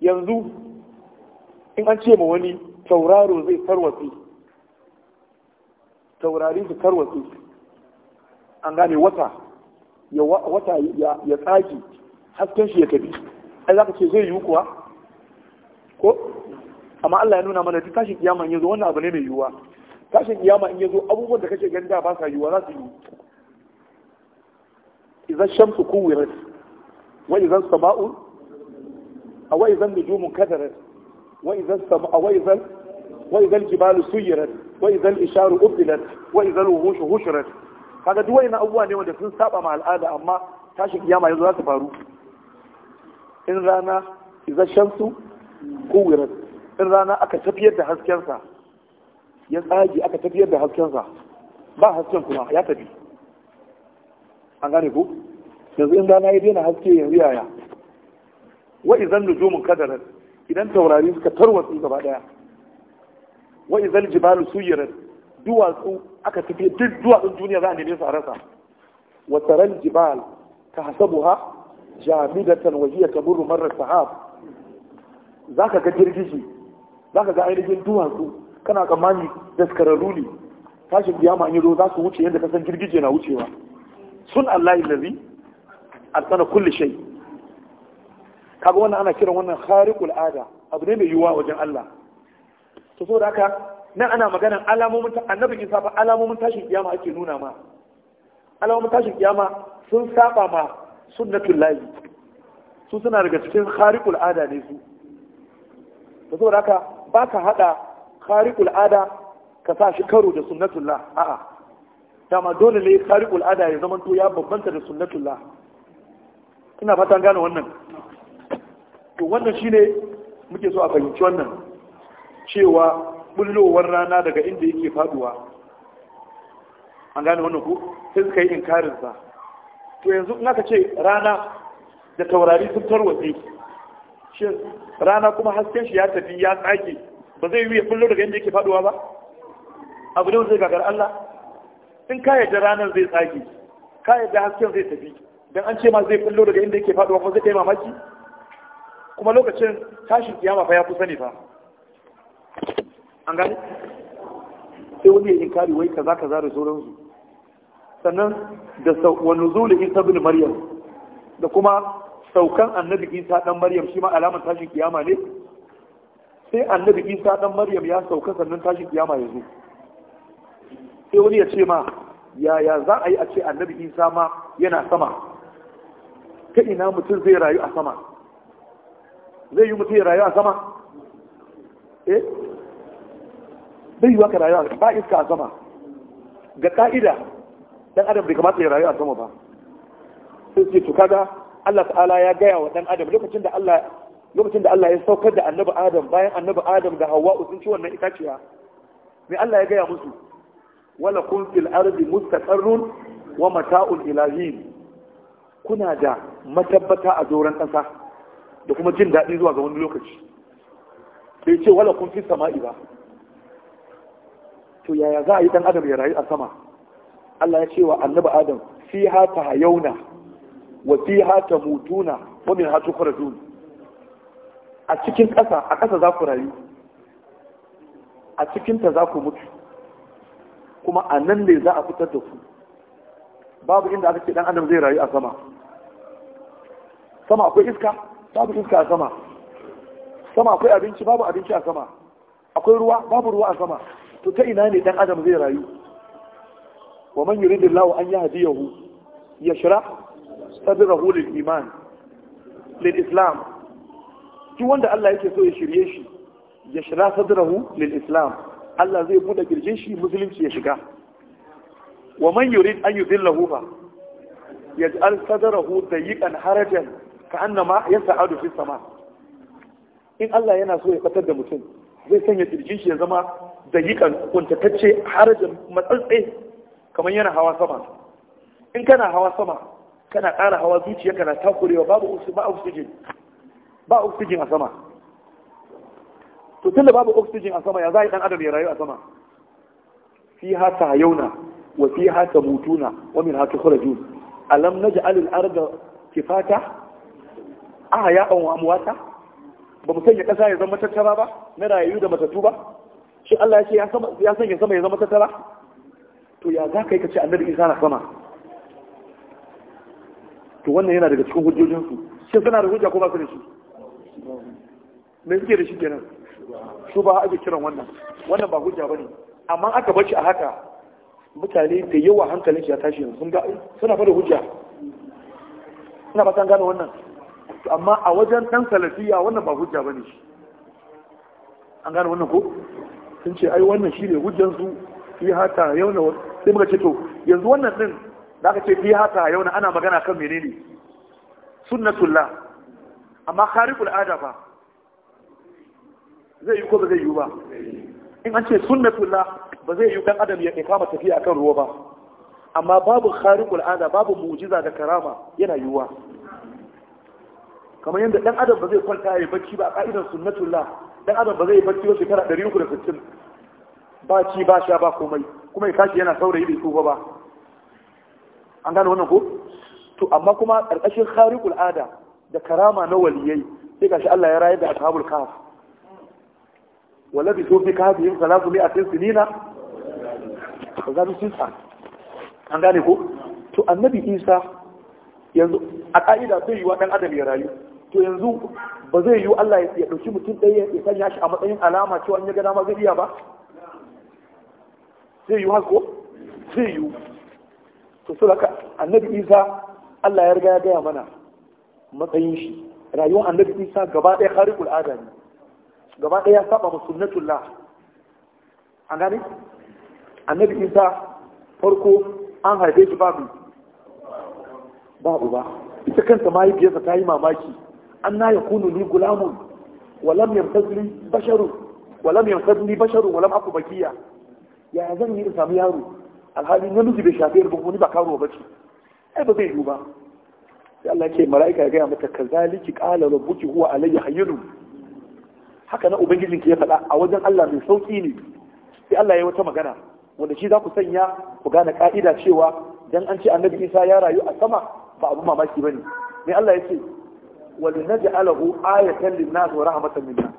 yanzu in an ce ma wani tauraro zai tarwatsi taurari su tarwatsi an gane wata ya wata ya tsaki hasken shi ya tafi ai zaka ce zai yiwu kuwa ko amma Allah ya nuna mana duk tashin kiyama in yazo wannan abu ne mai yiwuwa tashin kiyama in yazo abubuwan da kake ganda ba sa yiwuwa za su yi idan shamsu kuwirat wai zan sama'u a wai zan nujumun kadarar wai zan sama wai zan wai jibalu suyirat wai isharu ubdilat wai zan wuhushu hushirat kaga duk abubuwa ne wanda sun saba ma al'ada amma tashin iyama yanzu za su faru in rana iza shamsu kuwirat in rana aka tafiyar da haskensa ya tsage aka tafiyar da haskensa ba hasken kuma ya tafi an gane ku yanzu in rana ya daina haske yanzu yaya wa idan nujumu kadarar idan taurari suka tarwatsu gaba daya wa idan jibalu suyirar duwatsu aka tafi duk duwatsun duniya za a neme su a rasa wa taral jibal ka hasabuha jamidatan wa hiya tamurru marra sahab zaka ga jirgishi zaka ga ainihin duwatsu kana tsammani daskararru ne tashin kiyama an yi za su wuce yadda kasan san girgije na wucewa sun allahi lazi atqana kulle shai kaga wannan ana kiran wannan kharikul ada abu ne mai yiwuwa wajen Allah to saboda haka nan ana magana alamomin annabi Isa fa alamomin tashin kiyama ake nuna ma alamomin tashin kiyama sun saba ma sunnatul lahi su suna daga cikin kharikul ada ne su to saboda haka ba ka hada kharikul ada ka sa shi karo da lahi a'a dama dole ne kharikul ada ya zama to ya bambanta da lahi ina fatan gane wannan to wannan shine muke so a fahimci wannan cewa bullowar rana daga inda yake faduwa an gane wannan ku sai suka yi inkarin sa to yanzu in aka ce rana da taurari sun tarwatse shi rana kuma hasken shi ya tafi ya tsage ba zai yi bullo daga inda yake faduwa ba abu ne zai gagar Allah in ka yadda ranar zai tsage ka yadda hasken zai tafi don an ce ma zai kullo daga inda yake faduwa kuma zai kai mamaki kuma lokacin tashin kiyama fa ya kusa ne fa an gani sai wani ya kari wai kaza kaza da sauransu sannan da wani zuwa isa ibn maryam da kuma saukan annabi isa dan maryam shi ma alamar tashin kiyama ne sai annabi isa dan maryam ya sauka sannan tashin kiyama ya zo sai wani ya ce ma yaya za a yi a ce annabi isa ma yana sama ta ina mutum zai rayu a sama zai yi mutum ya rayu a sama eh zai yi waka rayu a ba iska a sama ga ka'ida dan adam bai kamata ya rayu a sama ba sai ce to kaga Allah ta'ala ya gaya wa dan adam lokacin da Allah lokacin da Allah ya saukar da annabi Adam bayan annabi Adam da Hawwa sun ci wannan itaciya me Allah ya gaya musu wala kun fil ardi mustaqarrun wa mata'ul ilahin kuna da matabbata a doron ƙasa da kuma jin daɗi zuwa ga wani lokaci bai ce wala kun fi sama'i ba to yaya za a yi ɗan adam ya rayu a sama Allah ya ce wa annabi adam fiha hayauna wa ta mutuna wa minha tukhrajun a cikin ƙasa a ƙasa za ku rayu a cikin ta za ku mutu kuma a nan ne za a fitar da ku babu inda aka ce dan adam zai rayu a sama sama akwai iska babu iska a sama sama akwai abinci babu abinci a sama akwai ruwa babu ruwa a sama to ta ina ne dan adam zai rayu wa man yuridillahu an yahdiyahu yashra sadrahu lil iman lil islam duk wanda Allah yake so ya shirye shi yashra sadrahu lil islam Allah zai buɗe kirjin shi musulunci ya shiga wa man yurid an yudillahu fa yaj'al sadrahu dayiqan harajan ka ka'annama yas'adu fi sama in Allah yana so ya fatar da mutum zai sanya kirjin shi ya zama dayiqan kuntatacce harajan matsatse kamar yana hawa sama in kana hawa sama kana ƙara hawa zuciya kana takurewa babu oxygen ba oxygen a sama to tunda babu oxygen a sama ya za a yi dan adam ya rayu a sama fi ha ta yauna wa fiha tamutuna wa minha tukhrajun alam naj'al fata, arda kifata ahya'an wa wata, ba mu sanya kasa ya zama tattara ba na rayu da matatu ba shi Allah ya ce ya sanya sama ya zama tattara to ya za ka yi ka ce annabi isa na sama to wannan yana daga cikin hujjojinsu shi suna da hujja ko ba su da shi me suke da shi kenan su ba a ake kiran wannan wannan ba hujja ba ne. amma aka bar shi a haka mutane da yawa hankalin shi ya tashi yanzu sun ga suna fara hujja ina ba gane wannan amma a wajen dan salafiya wannan ba hujja bane shi an gane wannan ko sun ce ai wannan shine hujjan su fi hata yauna sai muka ce to yanzu wannan din da aka ce fi hata yauna ana magana kan menene sunnatullah amma khariqul ada fa zai yi ko ba zai yi ba in an ce sunnatullah ba zai yi kan adam ya kama tafiya akan ruwa ba amma babu khariqul ada babu mu'jiza da karama yana yiwuwa kamar yadda dan adam ba zai kwanta ya bacci ba a ka'idar sunnatullah dan adam ba zai bacci ba shekara 360 ba ci ba sha ba komai kuma ya tashi yana saurayi bai tsufa ba an gane wannan ko to amma kuma ƙarƙashin khariqul ada da karama na waliyai sai gashi Allah ya rayar da ashabul kahf wala bi sofi ka a salatu mi'atin sinina ka gano sa. an gane ko to annabi isa yanzu a ka'ida zai yi wa dan adam ya rayu to yanzu ba zai yi Allah ya ɗauki mutum ɗaya ya sanya shi a matsayin alama cewa an ya gada ma zai iya ba zai yi ko? zai yi to su haka annabi isa Allah ya riga ya gaya mana matsayin shi rayuwar annabi isa gaba ɗaya kharikul adami gaba ɗaya ya saba sunnatullah an gane annabi isa farko an haife shi babu babu ba ita kanta mahaifiyarsa ta yi mamaki an na ya kunu ni gulamun walam yamtazli basharu walam yamtazli basharu walam aku bakiya ya zan yi in samu yaro alhali namiji bai shafi rubutu ni ba karo ba ce ai ba zai yi ba sai Allah ya ce mala'ika ya gaya mata kazaliki qala rabbuki huwa alayya hayyun haka na ubangijin ke ya faɗa a wajen Allah mai sauki ne sai Allah ya wata magana wanda shi za ku sanya ku gane ka'ida cewa dan an ce annabi Isa ya rayu a sama ba abu mamaki bane mai Allah ya ce walinaj'alahu ayatan lin-nas wa rahmatan minna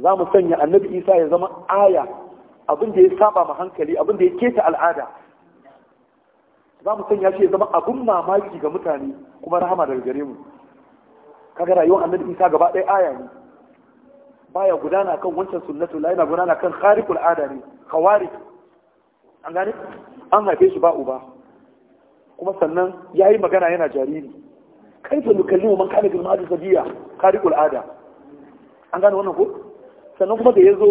za mu sanya annabi Isa ya zama aya abin da ya saba ma hankali abin da ya keta al'ada za mu sanya shi ya zama abin mamaki ga mutane kuma rahama daga gare mu kaga rayuwar annabi Isa gaba ɗaya aya ne baya gudana kan wancan sunnatu la yana gudana kan khariqul ada ne khawarij an gane an haife shi ba uba kuma sannan yayi magana yana jariri kai fa nukallimu man kana bil madu sabiya khariqul ada an gane wannan ko sannan kuma da yazo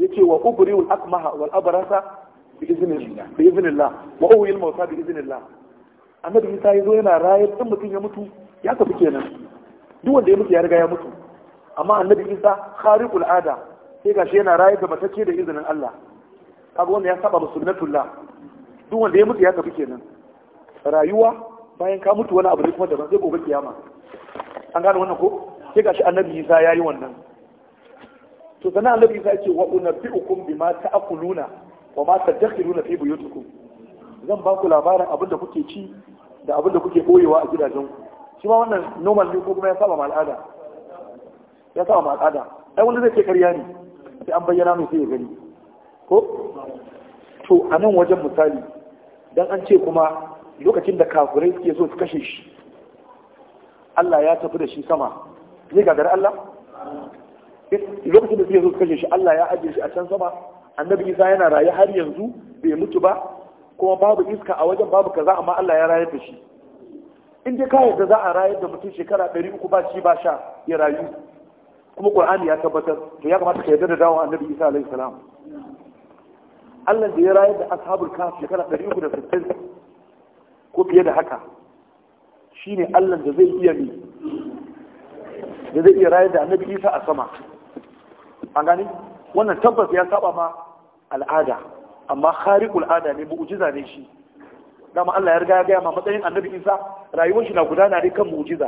yace wa ubriul akmaha wal abrasa bi iznillah bi iznillah wa al mawsa bi iznillah annabi Isa yazo yana rayar din mutum ya mutu ya tafi kenan duk wanda ya mutu ya riga ya mutu amma annabi isa khariqul ada sai gashi yana raye da matacce da izinin Allah kaga wanda ya saba sunnatullah duk wanda ya mutu ya tafi kenan rayuwa bayan ka mutu wani abu ne kuma daban sai gobe kiyama an gane wannan ko sai gashi annabi isa yayi wannan to sanan annabi isa yace wa unabbiukum bima ta'kuluna wa ma tadakhuluna fi buyutikum zan ba ku labarin abin da kuke ci da abin da kuke boyewa a gidajen shi ma wannan normal ne ko kuma ya saba ma al'ada ya sa ma kada ai wanda zai ce karya ne sai an bayyana mai sai ya gani ko to a nan wajen misali dan an ce kuma lokacin da kafirai suke so su kashe shi Allah ya tafi da shi sama zai gagara Allah lokacin da suke so su kashe shi Allah ya ajiye shi a can sama annabi Isa yana raye har yanzu bai mutu ba kuma babu iska a wajen babu kaza amma Allah ya rayar da shi in dai ka da za a rayar da mutum shekara ɗari uku ba shi ba sha ya rayu kuma qur'ani ya tabbatar to ya kamata ka yarda da dawo annabi isa alaihi salam Allah da ya rayar da ashabul kahf shekara 360 ko fiye da haka shine Allah da zai iya ne da zai iya rayar da annabi isa a sama an gani wannan tabbas ya saba ma al'ada amma khariqul ada ne mu'jiza ne shi dama Allah ya riga ya gaya ma matsayin annabi isa rayuwar shi na gudana ne kan mu'jiza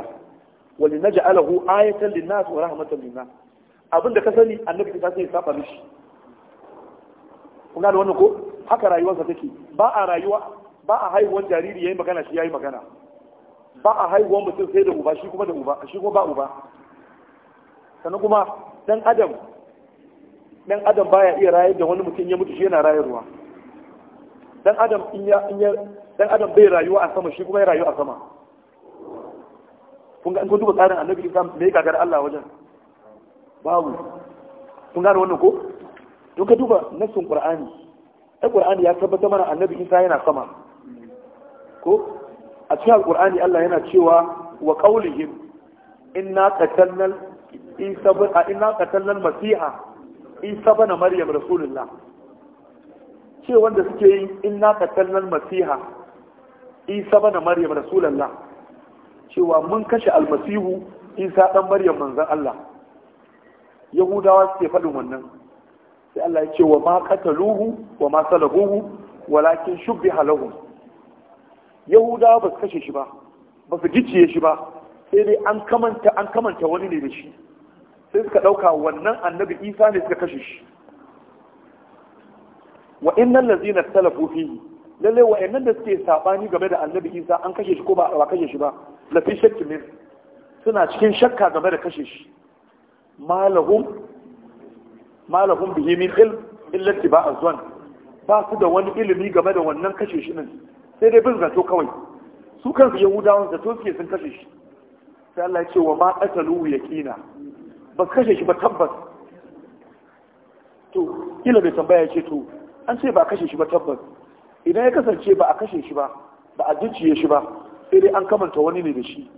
wa linaj'alahu ayatan lin-nas wa rahmatan lin-nas abinda ka sani annabi ka sani saba mishi Kuna da wannan ko haka rayuwarsa take ba a rayuwa ba a haihuwar jariri yayi magana shi yayi magana ba a haihuwar mutum sai da uba shi kuma da uba shi kuma ba uba sannan kuma dan adam dan adam baya iya rayar da wani mutum ya mutu shi yana rayarwa dan adam in ya dan adam bai rayuwa a sama shi kuma ya rayu a sama kun ga an kun duba tsarin annabi isa me ya Allah wajen babu kun gane wannan ko to ka duba nassin qur'ani ai qur'ani ya tabbata mana annabi isa yana sama ko a cikin qur'ani Allah yana cewa wa qaulihim inna qatalna isa a inna qatalna masiha isa bana maryam rasulullah ce wanda suke yin inna qatalna masiha isa bana maryam rasulullah cewa mun kashe almasihu isa dan maryam manzon Allah yahudawa suke faɗin wannan sai Allah ya ce wa ma qataluhu wa ma salabuhu walakin shubbiha lahum yahudawa ba su kashe shi ba ba su gicciye shi ba sai dai an kamanta an kamanta wani ne da shi sai suka ɗauka wannan annabi isa ne suka kashe shi wa innal ladzina salafu fihi lalle wa'annan da suke sabani game da annabi isa an kashe shi ko ba a kashe shi ba fi shakki min suna cikin shakka game da kashe shi malahum malahum bihi min ilm illa tiba azwan ba su da wani ilimi game da wannan kashe shi din sai dai bin zato kawai su kansu da zato suke sun kashe shi sai Allah ya ce wa ma qatalu yaqina ba kashe shi ba tabbas to kila bai tambaya ya ce to an ce ba kashe shi ba tabbas idan ya kasance ba a kashe shi ba ba a jinciye shi ba sai dai an kamanta wani ne da shi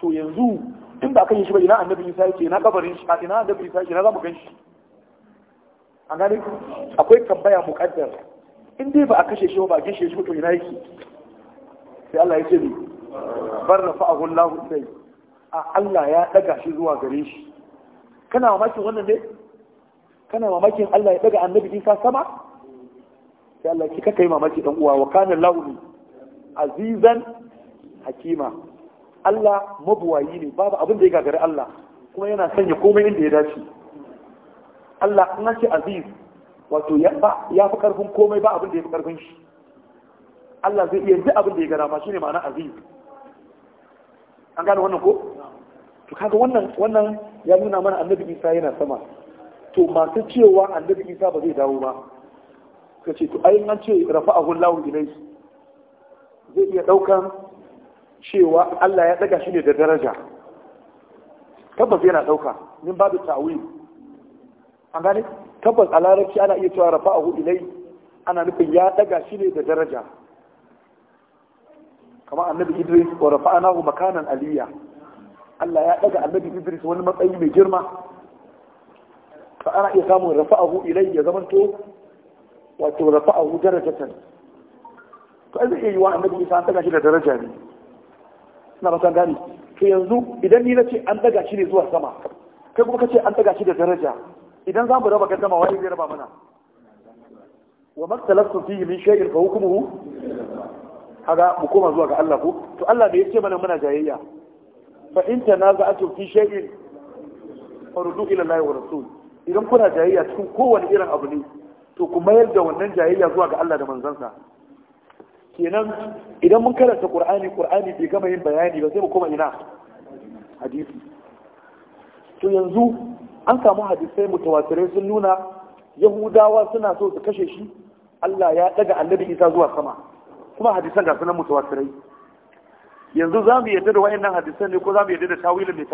to yanzu in ba a kashe shi ba ina annabi isa yake ina kabarin shi ina annabi isa yake ina za mu gan shi an gane akwai tambaya muqaddar in dai ba a kashe shi ba ba a gishe shi ko to ina yake sai Allah ya ce ni bar na fa'ahu Allah sai a Allah ya daga shi zuwa gare shi kana mamakin wannan ne kana mamakin Allah ya daga annabi Isa sama sai Allah ki kaka yi mamaki dan uwa wa kana launi azizan hakima Allah mabuwayi ne babu abin da ya gagari Allah kuma yana sanya komai inda ya dace Allah in ce aziz wato ya fi karfin komai ba abin da ya fi karfin shi Allah zai iya duk abin da ya gara ma shine ma'ana aziz an gane wannan ko to kaga wannan wannan ya nuna mana annabi Isa yana sama to masu cewa annabi Isa ba zai dawo ba suka ce to ayin an ce rafa'ahu Allahu ilayhi zai iya daukan cewa Allah ya daga shi ne da daraja tabbas yana dauka min babu ta'wil an gane tabbas a larabci ana iya cewa rafa'ahu ilayhi ana nufin ya daga shi ne da daraja kamar annabi Idris wa rafa'anahu makanan aliyya Allah ya daga annabi Idris wani matsayi mai girma fa ana iya samun rafa'ahu ilayya ya zamanto wato rafa'ahu darajatan to ai zai iya yiwa annabi Isa an daga shi da daraja ne na ba san gani to yanzu idan ni na ce an daga shi ne zuwa sama kai kuma kace an daga shi da daraja idan za mu raba gaddama waye zai raba mana wa maktalaftu fihi min shay'in fa hukmuhu haga mu koma zuwa ga Allah ko to Allah da yace mana muna jayayya fa in tanaza'atu fi shay'in fardu ila Allah wa rasul idan kuna jayayya cikin kowane irin abu ne to ku mayar da wannan jayayya zuwa ga Allah da manzansa kenan idan mun karanta qur'ani qur'ani bai gama yin bayani ba sai mu koma ina hadisi to yanzu an samu hadisai mutawatirai sun nuna yahudawa suna so su kashe shi Allah ya daga annabi Isa zuwa sama kuma hadisan ga sunan mutawatirai yanzu za mu yadda da wayannan hadisan ne ko za mu yadda da tawilin mai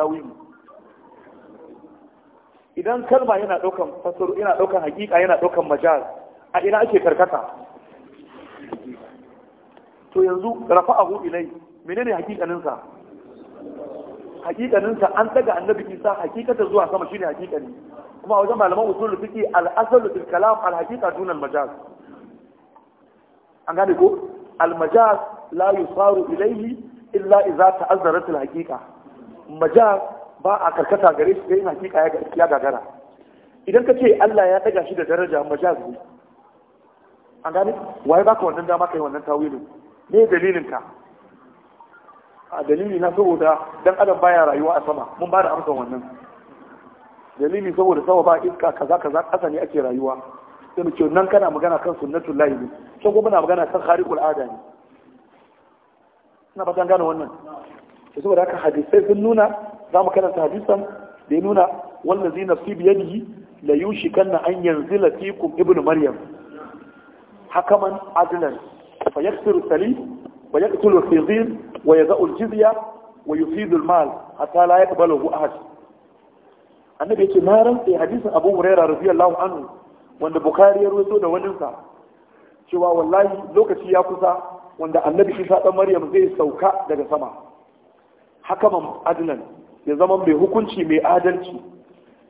idan kalma yana daukan fasaro yana daukan hakika yana daukan majaz a ina ake karkata to yanzu rafa'ahu ilai menene hakikanin sa hakikanin sa an daga annabi Isa hakikata zuwa sama shine hakikani kuma a wajen malaman usul fiqi al asl fil kalam al haqiqa dun al majaz an gane ko al majaz la yusaru ilayhi illa idza ta'azzarat al haqiqa majaz ba a karkata gare shi dai hakika ya gagara idan ka ce Allah ya daga shi da daraja majaz ne an gane waye baka wannan dama kai wannan tawilin me dalilin ka a dalili na saboda dan adam baya rayuwa a sama mun ba da amsa wannan dalili saboda sama ba iska kaza kaza kasa ne ake rayuwa sai mu ce nan kana magana kan sunnatul lahi ne can kuma muna magana kan khariqul ada ne na ba gane wannan saboda haka hadisai sun nuna za mu karanta hadisan da ya nuna wallazi nafsi biyadihi la yushikanna an yanzila fikum ibnu maryam hakaman adlan fa yaksiru salim wa yaqtulu khizir wa yada'u al-jizya wa yufidu al-mal hatta la yaqbaluhu ahad annabi yake na rantsa hadisin abu huraira radiyallahu anhu wanda bukari ya rawaito da waninsa cewa wallahi lokaci ya kusa wanda annabi isa dan maryam zai sauka daga sama hakaman adlan ya zama mai hukunci mai adalci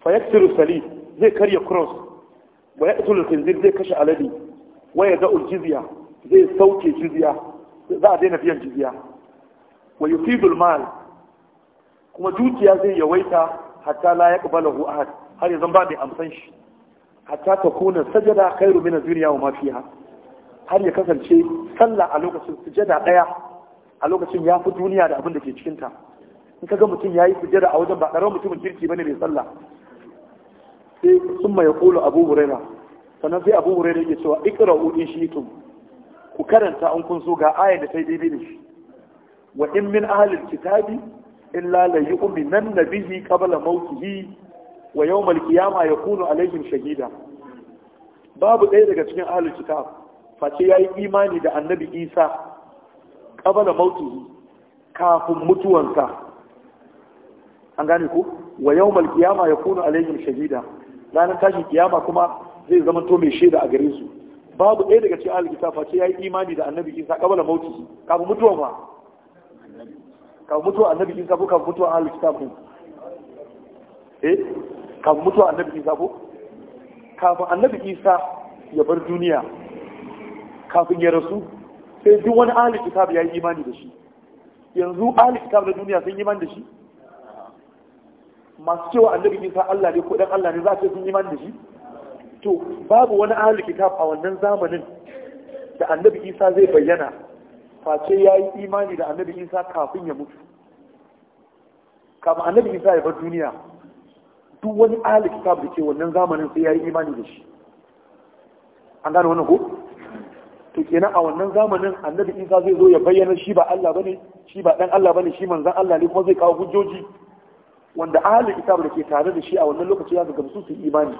fa yaktiru sali zai karya cross wa yaqtul khinzir zai kashe alade wa yada'ul jizya zai sauke jizya za a daina biyan jizya wa yufidul mal kuma dukiya zai yawaita hatta la yaqbalahu ahad har yanzu ba mai amsan shi hatta ta kuna sajada khairu min ad-dunya wa ma har ya kasance sallah a lokacin sujada daya a lokacin ya fi duniya da abin da ke cikinta. ta in kaga mutum yayi sujjada a wajen ba karamin mutumin kirki bane mai sallah sai sun mai kulu abu huraira sannan sai abu huraira yake cewa iqra'u in shi'tum ku karanta an kun so ga ayar da ta yi daidai shi wa in min ahlil kitabi illa la yu'minan bihi qabla mawtihi wa yawmal qiyamah yakunu Alayhim shahida babu ɗaya daga cikin ahlul kitab face yayi imani da annabi Isa qabla mawtihi kafin mutuwansa an gane ku wa malkiyama ya kuna alaihim shahida ranar tashin kiyama kuma zai zama to mai shaida a gare su babu ɗaya daga cikin ahlul kitab face yi imani da annabi Isa kabala mauti kafin mutuwa ma kafin mutuwa annabi Isa ko kafin mutuwa ahlul kitab din eh kafin mutuwa annabi Isa ko kafin annabi Isa ya bar duniya kafin ya rasu sai duk wani ahlul ya yi imani da shi yanzu ahlul kitab na duniya sun yi imani da shi masu cewa annabi isa Allah ne ko dan Allah ne za su sun imani da shi to babu wani ahli kitab a wannan zamanin da annabi isa zai bayyana face ya yi imani da annabi isa kafin ya mutu Kama annabi isa ya bar duniya duk wani ahli kitab da ke wannan zamanin sai ya yi imani da shi an gane wannan ko to kenan a wannan zamanin annabi isa zai zo ya bayyana shi ba Allah bane shi ba dan Allah bane shi manzon Allah ne kuma zai kawo hujjoji wanda ahalin kitabu da ke tare da shi a wannan lokaci ya gamsu su imani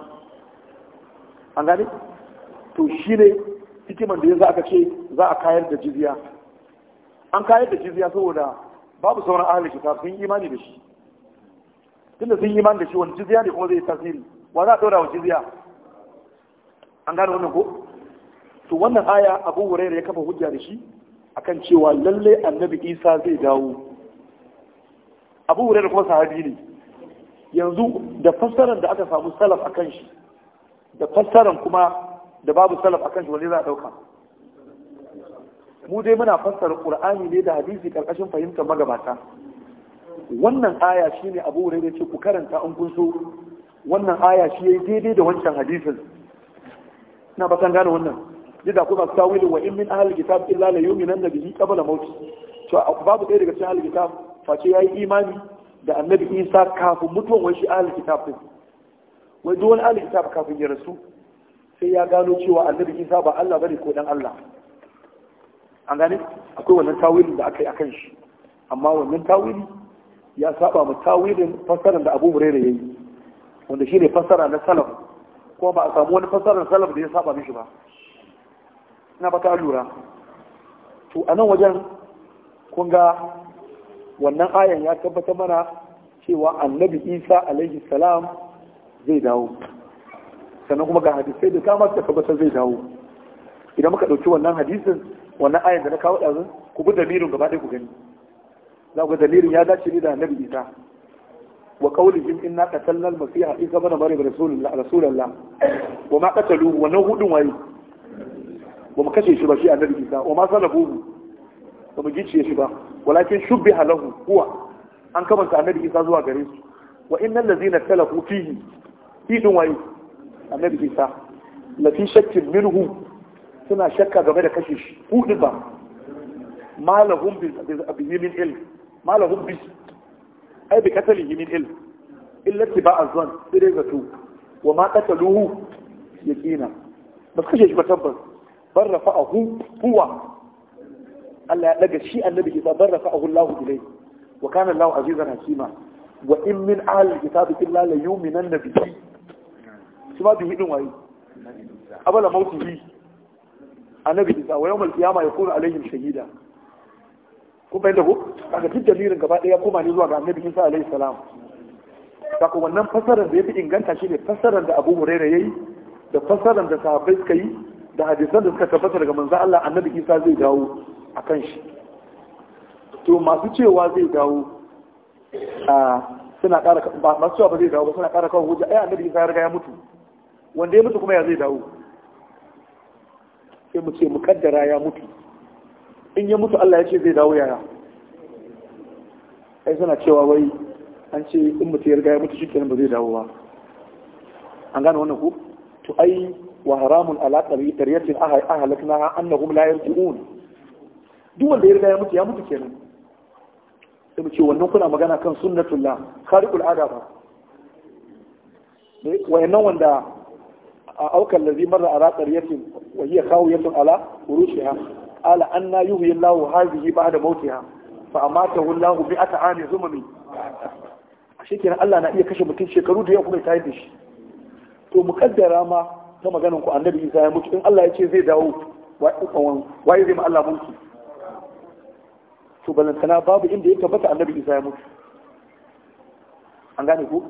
an gane to shi ne hikiman da ya za a ce za a kayar da jizya an kayar da jizya saboda babu sauran ahalin kitabu sun imani da shi tunda sun imani da shi wani jizya ne kuma zai tasiri wa za a daura wa jizya an gane wannan ko to wannan aya abu hurairah ya kafa hujja da shi akan cewa lalle annabi isa zai dawo abu hurairah kuma sahabi ne yanzu da fassarar da aka samu salaf a kan shi da fassarar kuma da babu salaf a kan shi wani za a ɗauka mu dai muna fassara ƙur'ani ne da hadisi ƙarƙashin fahimtar magabata wannan aya shi ne abu wurin da ce ku karanta an kun so wannan aya shi ya yi daidai da wancan hadisin na ba san gane wannan jida kuma tawili wa in min ahli kitab illa la yu'minu bihi qabla mawti to babu ɗaya daga cikin ahli kitab face yayi imani da annabi isa kafin mutuwan wani shi ahalin kitab din wai duk wani ahalin kitab kafin ya rasu sai ya gano cewa annabi isa ba allah bane ko dan allah an gane akwai wannan tawilin da aka yi akan shi amma wannan tawili ya saba mu tawilin fassarar da abu hurairah yayi wanda shine fasara na salaf kuma ba a samu wani fassarar salaf da ya saba mishi ba ina ba ta lura to a nan wajen kun ga wannan ayan ya tabbata mana cewa annabi isa alaihi salam zai dawo sannan kuma ga hadisai da dama suka tabbatar zai dawo idan muka ɗauki wannan hadisin wannan ayan da na kawo ɗazun ku bi damirin gaba ɗaya ku gani za ku ga damirin ya dace ne da annabi isa wa qawlihim inna qatalna al-masiha isa ibn maryam rasulullah rasulullah wa ma qataluhu wannan hudun waye ba mu kashe shi ba shi annabi isa wa ma salabuhu ba mu gicciye shi ba walakin shubbi halahu huwa an kamanta annabi isa zuwa gare su wa innal ladzina talafu fihi fi din waye annabi isa la fi shakkin minhu suna shakka game da kashe shi hudin ba malahum bihi min il. malahum bi ai bi qatlihi min ilm illa tiba'a zan sai dai zato wa ma qataluhu yaqina ba kashe shi ba tabbas bar rafa'ahu huwa Allah ya daga shi annabi Isa bar rafa'ahu Allahu ilayhi wa kana Allahu azizan hakima wa in min ahli kitabi illa la yu'minanna bihi shi ma bihi din waye abala mautihi annabi Isa wa yawmal qiyamah yakunu alaihim shahida ku bayyana ku kaga duk dalilin gaba daya koma ne zuwa ga annabi Isa alaihi salam sako wannan fasarar da ya fi inganta shi ne fasarar da Abu Hurairah yayi da fasarar da sahabbai suka yi da hadisan da suka tabbata daga manzo Allah annabi Isa zai dawo a kan shi to masu cewa zai dawo a suna kara ba masu cewa ba zai dawo ba suna kara kawo hujja ai annabi Isa ya riga ya mutu wanda ya mutu kuma ya zai dawo sai mu ce mu kaddara ya mutu in ya mutu Allah ya ce zai dawo yaya ai suna cewa wai an ce in mutu ya riga ya mutu shi kenan ba zai dawo ba an gane wannan ku to ai wa haramun ala qaryatin ahlaknaha annahum la yarji'un duk wanda ya riga ya mutu ya mutu kenan sai mu ce wannan kuna magana kan sunnatullah khariqul adaba wayannan wanda a aukan lazi marra ala qaryatin wa hiya khawiyatun ala urushiha ala anna yuhyi Allahu hadhihi ba'da mautiha fa amatahu Allahu bi at'ani zumami shikenan Allah na iya kashe mutum shekaru da yau kuma ta yi da shi to mu kaddara ma ta maganar ku annabi Isa ya mutu in Allah ya ce zai dawo waye zai ma Allah mulki to balantana babu inda ya tabbata annabi isa ya mutu an gane ku?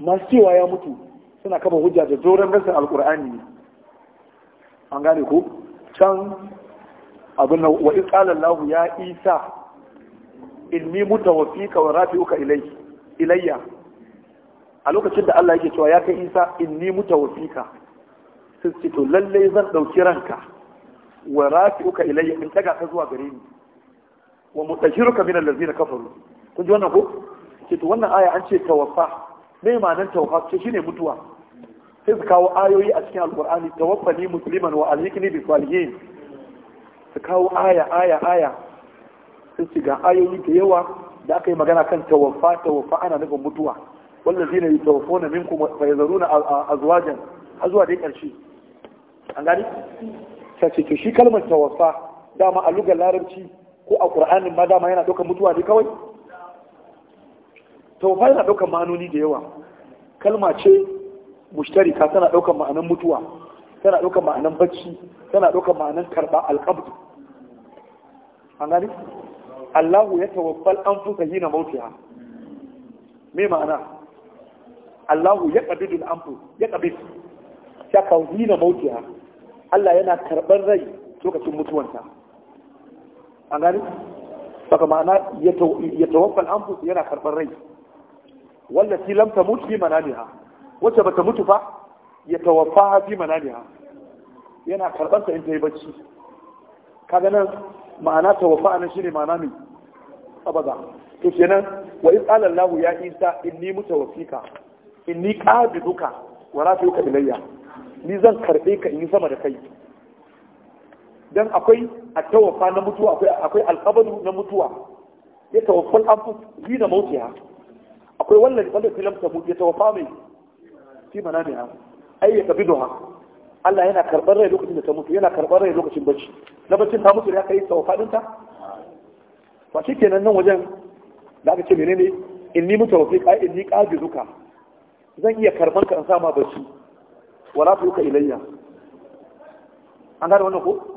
masu cewa ya mutu suna kama hujja da doron rasar alkur'ani ne an gane ku? can abin nan wa isqala ya isa ilmi muta wa rafi uka ilayya a lokacin da Allah yake cewa ya kai Isa inni mutawaffika sun ce to lallai zan ɗauki ranka wa rafi uka ilayya in taga ka zuwa gare ni wa mutahhiruka min allazina kafaru kun ji wannan ko ce to wannan aya an ce tawaffa me ma'anar tawaffa ce shine mutuwa sai su kawo ayoyi a cikin alqur'ani tawaffani musliman wa alhiqni bi salihin su kawo aya aya aya sun ci ga ayoyi da yawa da aka yi magana kan tawaffa tawaffa ana nufin mutuwa wallazina yatawaffuna minkum wa yazaruna azwajan azwa dai karshe an gani sai ce shi kalmar tawaffa dama a lugar larabci ko a ƙur'anin ma dama yana ɗaukar mutuwa ne kawai to fa yana ɗaukar ma'anoni da yawa kalma ce ka tana ɗaukar ma'anan mutuwa tana ɗaukar ma'anan bacci tana ɗaukar ma'anan karɓa alƙabdu an gani Allahu ya tawaffal an fusa yi na mautiya me ma'ana Allahu ya an anfu ya ƙabid ya kawo yi na mautiya Allah yana karɓar rai lokacin mutuwanta an gani saka ma'ana ya tawaffal anfus yana karɓar rai fi lamta mutu fi ha, wacce bata mutu fa ya tawaffa fi ha. yana karɓar ta in ta yi bacci kaga nan ma'ana tawaffa nan shine ma'ana mai abada to kenan wa in qala lahu ya isa in ni ƙabi duka wa rafi'uka ilayya ni zan karɓe ka in yi sama da kai dan akwai atawafa na mutuwa akwai akwai na mutuwa ya tawaffal anfus hina mautiha akwai wallahi wanda filam ta mutu ya tawaffa mai fi manamiha ai ya kabiduha Allah yana karɓar rai lokacin da ta mutu yana karɓar rai lokacin bacci na baccin ta mutu ya kai tawaffa din ta to shikenan nan wajen da aka ce menene inni mutawaffiq ka inni qabiduka zan iya karban ka in sa ma bacci wala tuka ilayya an gane wannan ko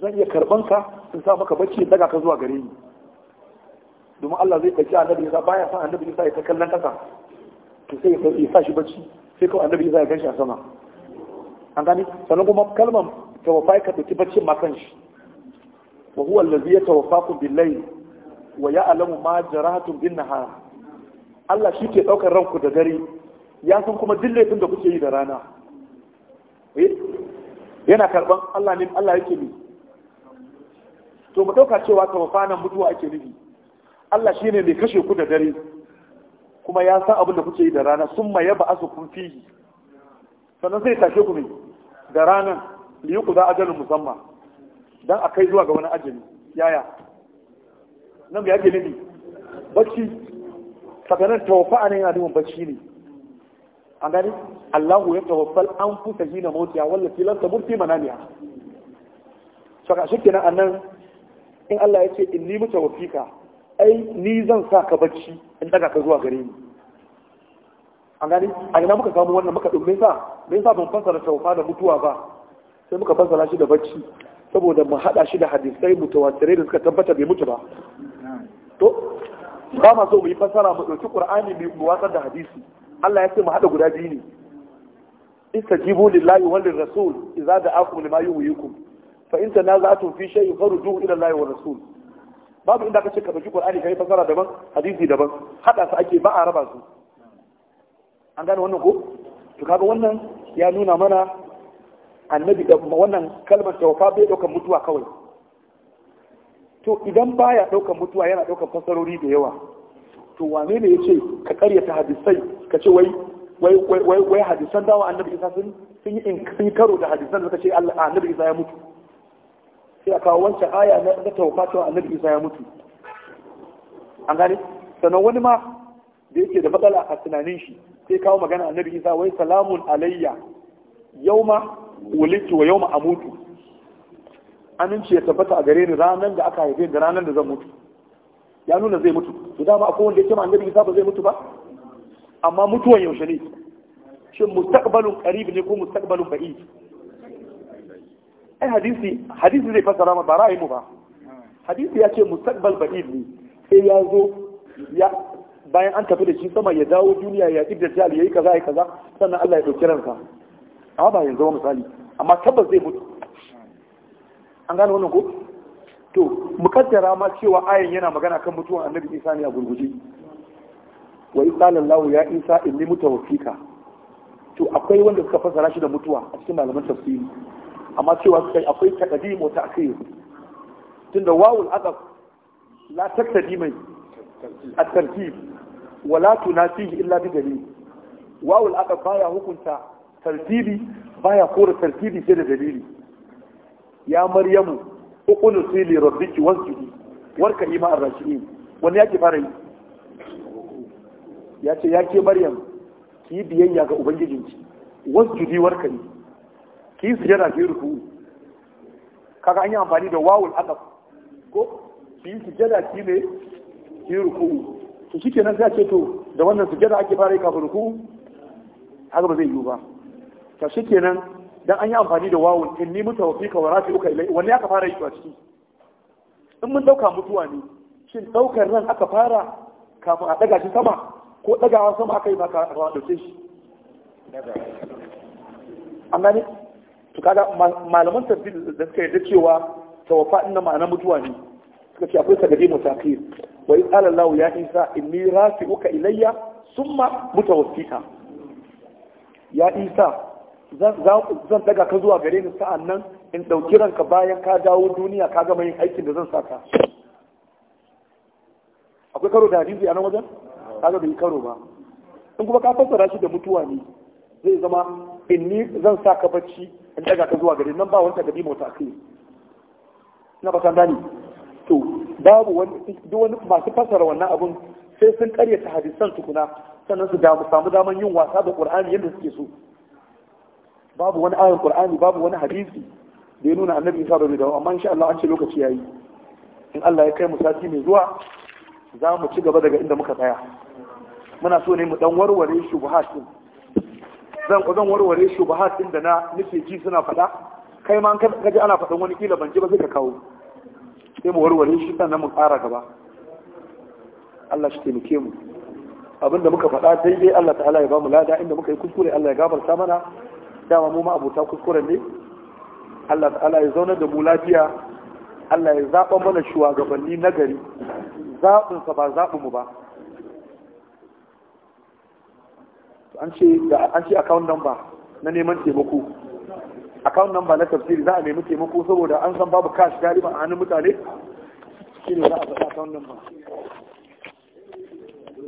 zan iya karban ka in sa maka bacci in daga ka zuwa gare ni domin Allah zai kaci annabi Isa baya san annabi Isa ya ta kallon kasa to sai ya sa shi bacci sai kawai annabi Isa ya ganshi a sama an gani sannan kuma kalmar tawafai ka dauki bacci ma kan shi wa huwa allazi yatawaffaku bil layl wa ya'lamu ma jarahatum bin nahar Allah shi ke daukar ranku da dare ya san kuma duk laifin da kuke yi da rana eh? yana karban Allah ne Allah yake ne to mu dauka cewa tawfanan mutuwa ake nufi Allah shi ne mai kashe ku da dare kuma ya san abin da kuke yi da rana summa yab'asukum fihi sannan zai tashe ku ne da rana, liyu ku za ajalin musamman. don a kai zuwa ga wani ajali yaya nan ga yake nufi bacci sakanan a nan yana nufin bacci ne an gani Allahu ya tawaffal an fusa hina mautiya wallafi lam tamut fi manamiha a shi kenan annan in Allah ya ce in ni mutu wafika ai ni zan sa ka bacci in daga ka zuwa gare ni an gani a ina muka samu wannan muka dumme sa me yasa ban fassara tawfa da mutuwa ba sai muka fassara shi da bacci saboda mu hada shi da hadisai mutawatirai da suka tabbata bai mutu ba to ba ma so mu yi fassara mu dauki qur'ani mu watsar da hadisi Allah ya ce mu hada guda biyu ne istajibu lillahi wal rasul idza da'akum lima yuhyikum fa in tanaza'tum fi faru duhu ila Allah wa rasul babu inda kace ka dauki Qur'ani kai fasara daban hadisi daban hada su ake ba a raba su an gane wannan ko to kaga wannan ya nuna mana annabi da wannan kalmar tawfa bai daukan mutuwa kawai to idan baya daukan mutuwa yana daukan fasarori da yawa to wane ne yace ka ƙaryata hadisai ka ce wai wai wai wai hadisan dawa annabi isa sun yi karo da hadisan da suka ce Allah annabi isa ya mutu sai a kawo wancan aya na taufa cewa annabi isa ya mutu an gane sannan wani ma da yake da matsala a tunanin shi sai kawo magana annabi isa wai salamun alayya yauma wulitu wa yauma amutu aminci ya tabbata a gare ni ranar da aka haife da ranar da zan mutu ya nuna zai mutu to dama akwai wanda yake ma annabi isa ba zai mutu ba amma mutuwan yaushe ne shin mustaqbalun qarib ne ko mustaqbalun ba'id ai hadisi hadisi zai fasara ma ba ra'ayi mu ba hadisi ya ce mustaqbal ba'id ne sai ya zo ya bayan an tafi da shi sama ya dawo duniya ya ibda ya yayi kaza yayi kaza sannan Allah ya dauki ranka amma ba yanzu misali amma tabbas zai mutu an gane wannan ko to mukaddara ma cewa ayin yana magana kan mutuwan annabi Isa ne a gurguje wa qala Allah ya Isa inni mutawaffika to akwai wanda suka fasara shi da mutuwa a cikin malaman tafsiri amma cewa suka yi akwai takadimu ta akai tunda wawul adab la takadimai at-tarkib wa la tunafihi illa bi dalil wawul adab baya hukunta tartibi baya kore tartibi sai da dalili ya maryamu uqulu sili rabbiki wasjudi warka ima ar rashidin wani yake fara yi ya ce ya ke maryam ki yi biyayya ga ubangijinki wasjudi warka ima ki yi sujada ki yi ruku kaga an yi amfani da wawul adab ko ki yi sujada ki ne ki yi ruku to shi kenan sai ce to da wannan sujada ake fara yi kafin ruku haka ba zai yiwu ba to shi kenan dan an yi amfani da wawul in ni mutawaffika wa uka ilai wanne aka fara yi to a ciki in mun dauka mutuwa ne shin daukar ran aka fara kafin a daga shi sama ko dagawa sama aka yi ba ka dauke shi an gane to kaga malaman tafsir da suka yarda cewa tawaffa inna ma'ana mutuwa ne suka ce akwai sagade mutaqir wa in qala Allah ya Isa inni rafi'uka ilayya summa mutawaffika ya Isa zan daga ka zuwa gare ni sa'an nan in ɗauki ranka bayan ka dawo duniya ka gama yin aikin da zan saka akwai karo da hadisi a nan wajen kaga bai karo ba in kuma ka fassara shi da mutuwa ne zai zama inni zan saka bacci in daga ka zuwa gari nan ba wani takadi mota kai na ba san gani to babu wani duk wani masu fasara wannan abun sai sun karyata hadisan tukuna sannan su damu samu daman yin wasa da qur'ani yadda suke so babu wani ayar qur'ani babu wani hadisi da ya nuna annabi isa bai dawo amma insha Allah an ce lokaci yayi in Allah ya kai mu sati mai zuwa za mu ci gaba daga inda muka tsaya muna so ne mu dan warware shubuhat zan ku zan warware ba din da na nufi ji suna faɗa kai ma ka kaji ana fadan wani kila ban ji ba sai ka kawo sai mu warware shi sannan mu ƙara gaba Allah shi taimake mu abinda muka faɗa daidai Allah ta'ala ya ba mu lada inda muka yi kuskure Allah ya gafarta mana dama mu ma abota kuskuren ne Allah ta'ala ya zauna da mu lafiya Allah ya zaɓa mana shugabanni nagari zaɓinsa ba zaɓinmu mu ba an ce account number na neman taimako account number na tafsiri za a nemi taimako saboda an san babu cash galiba a hannun mutane ne za a faɗa account number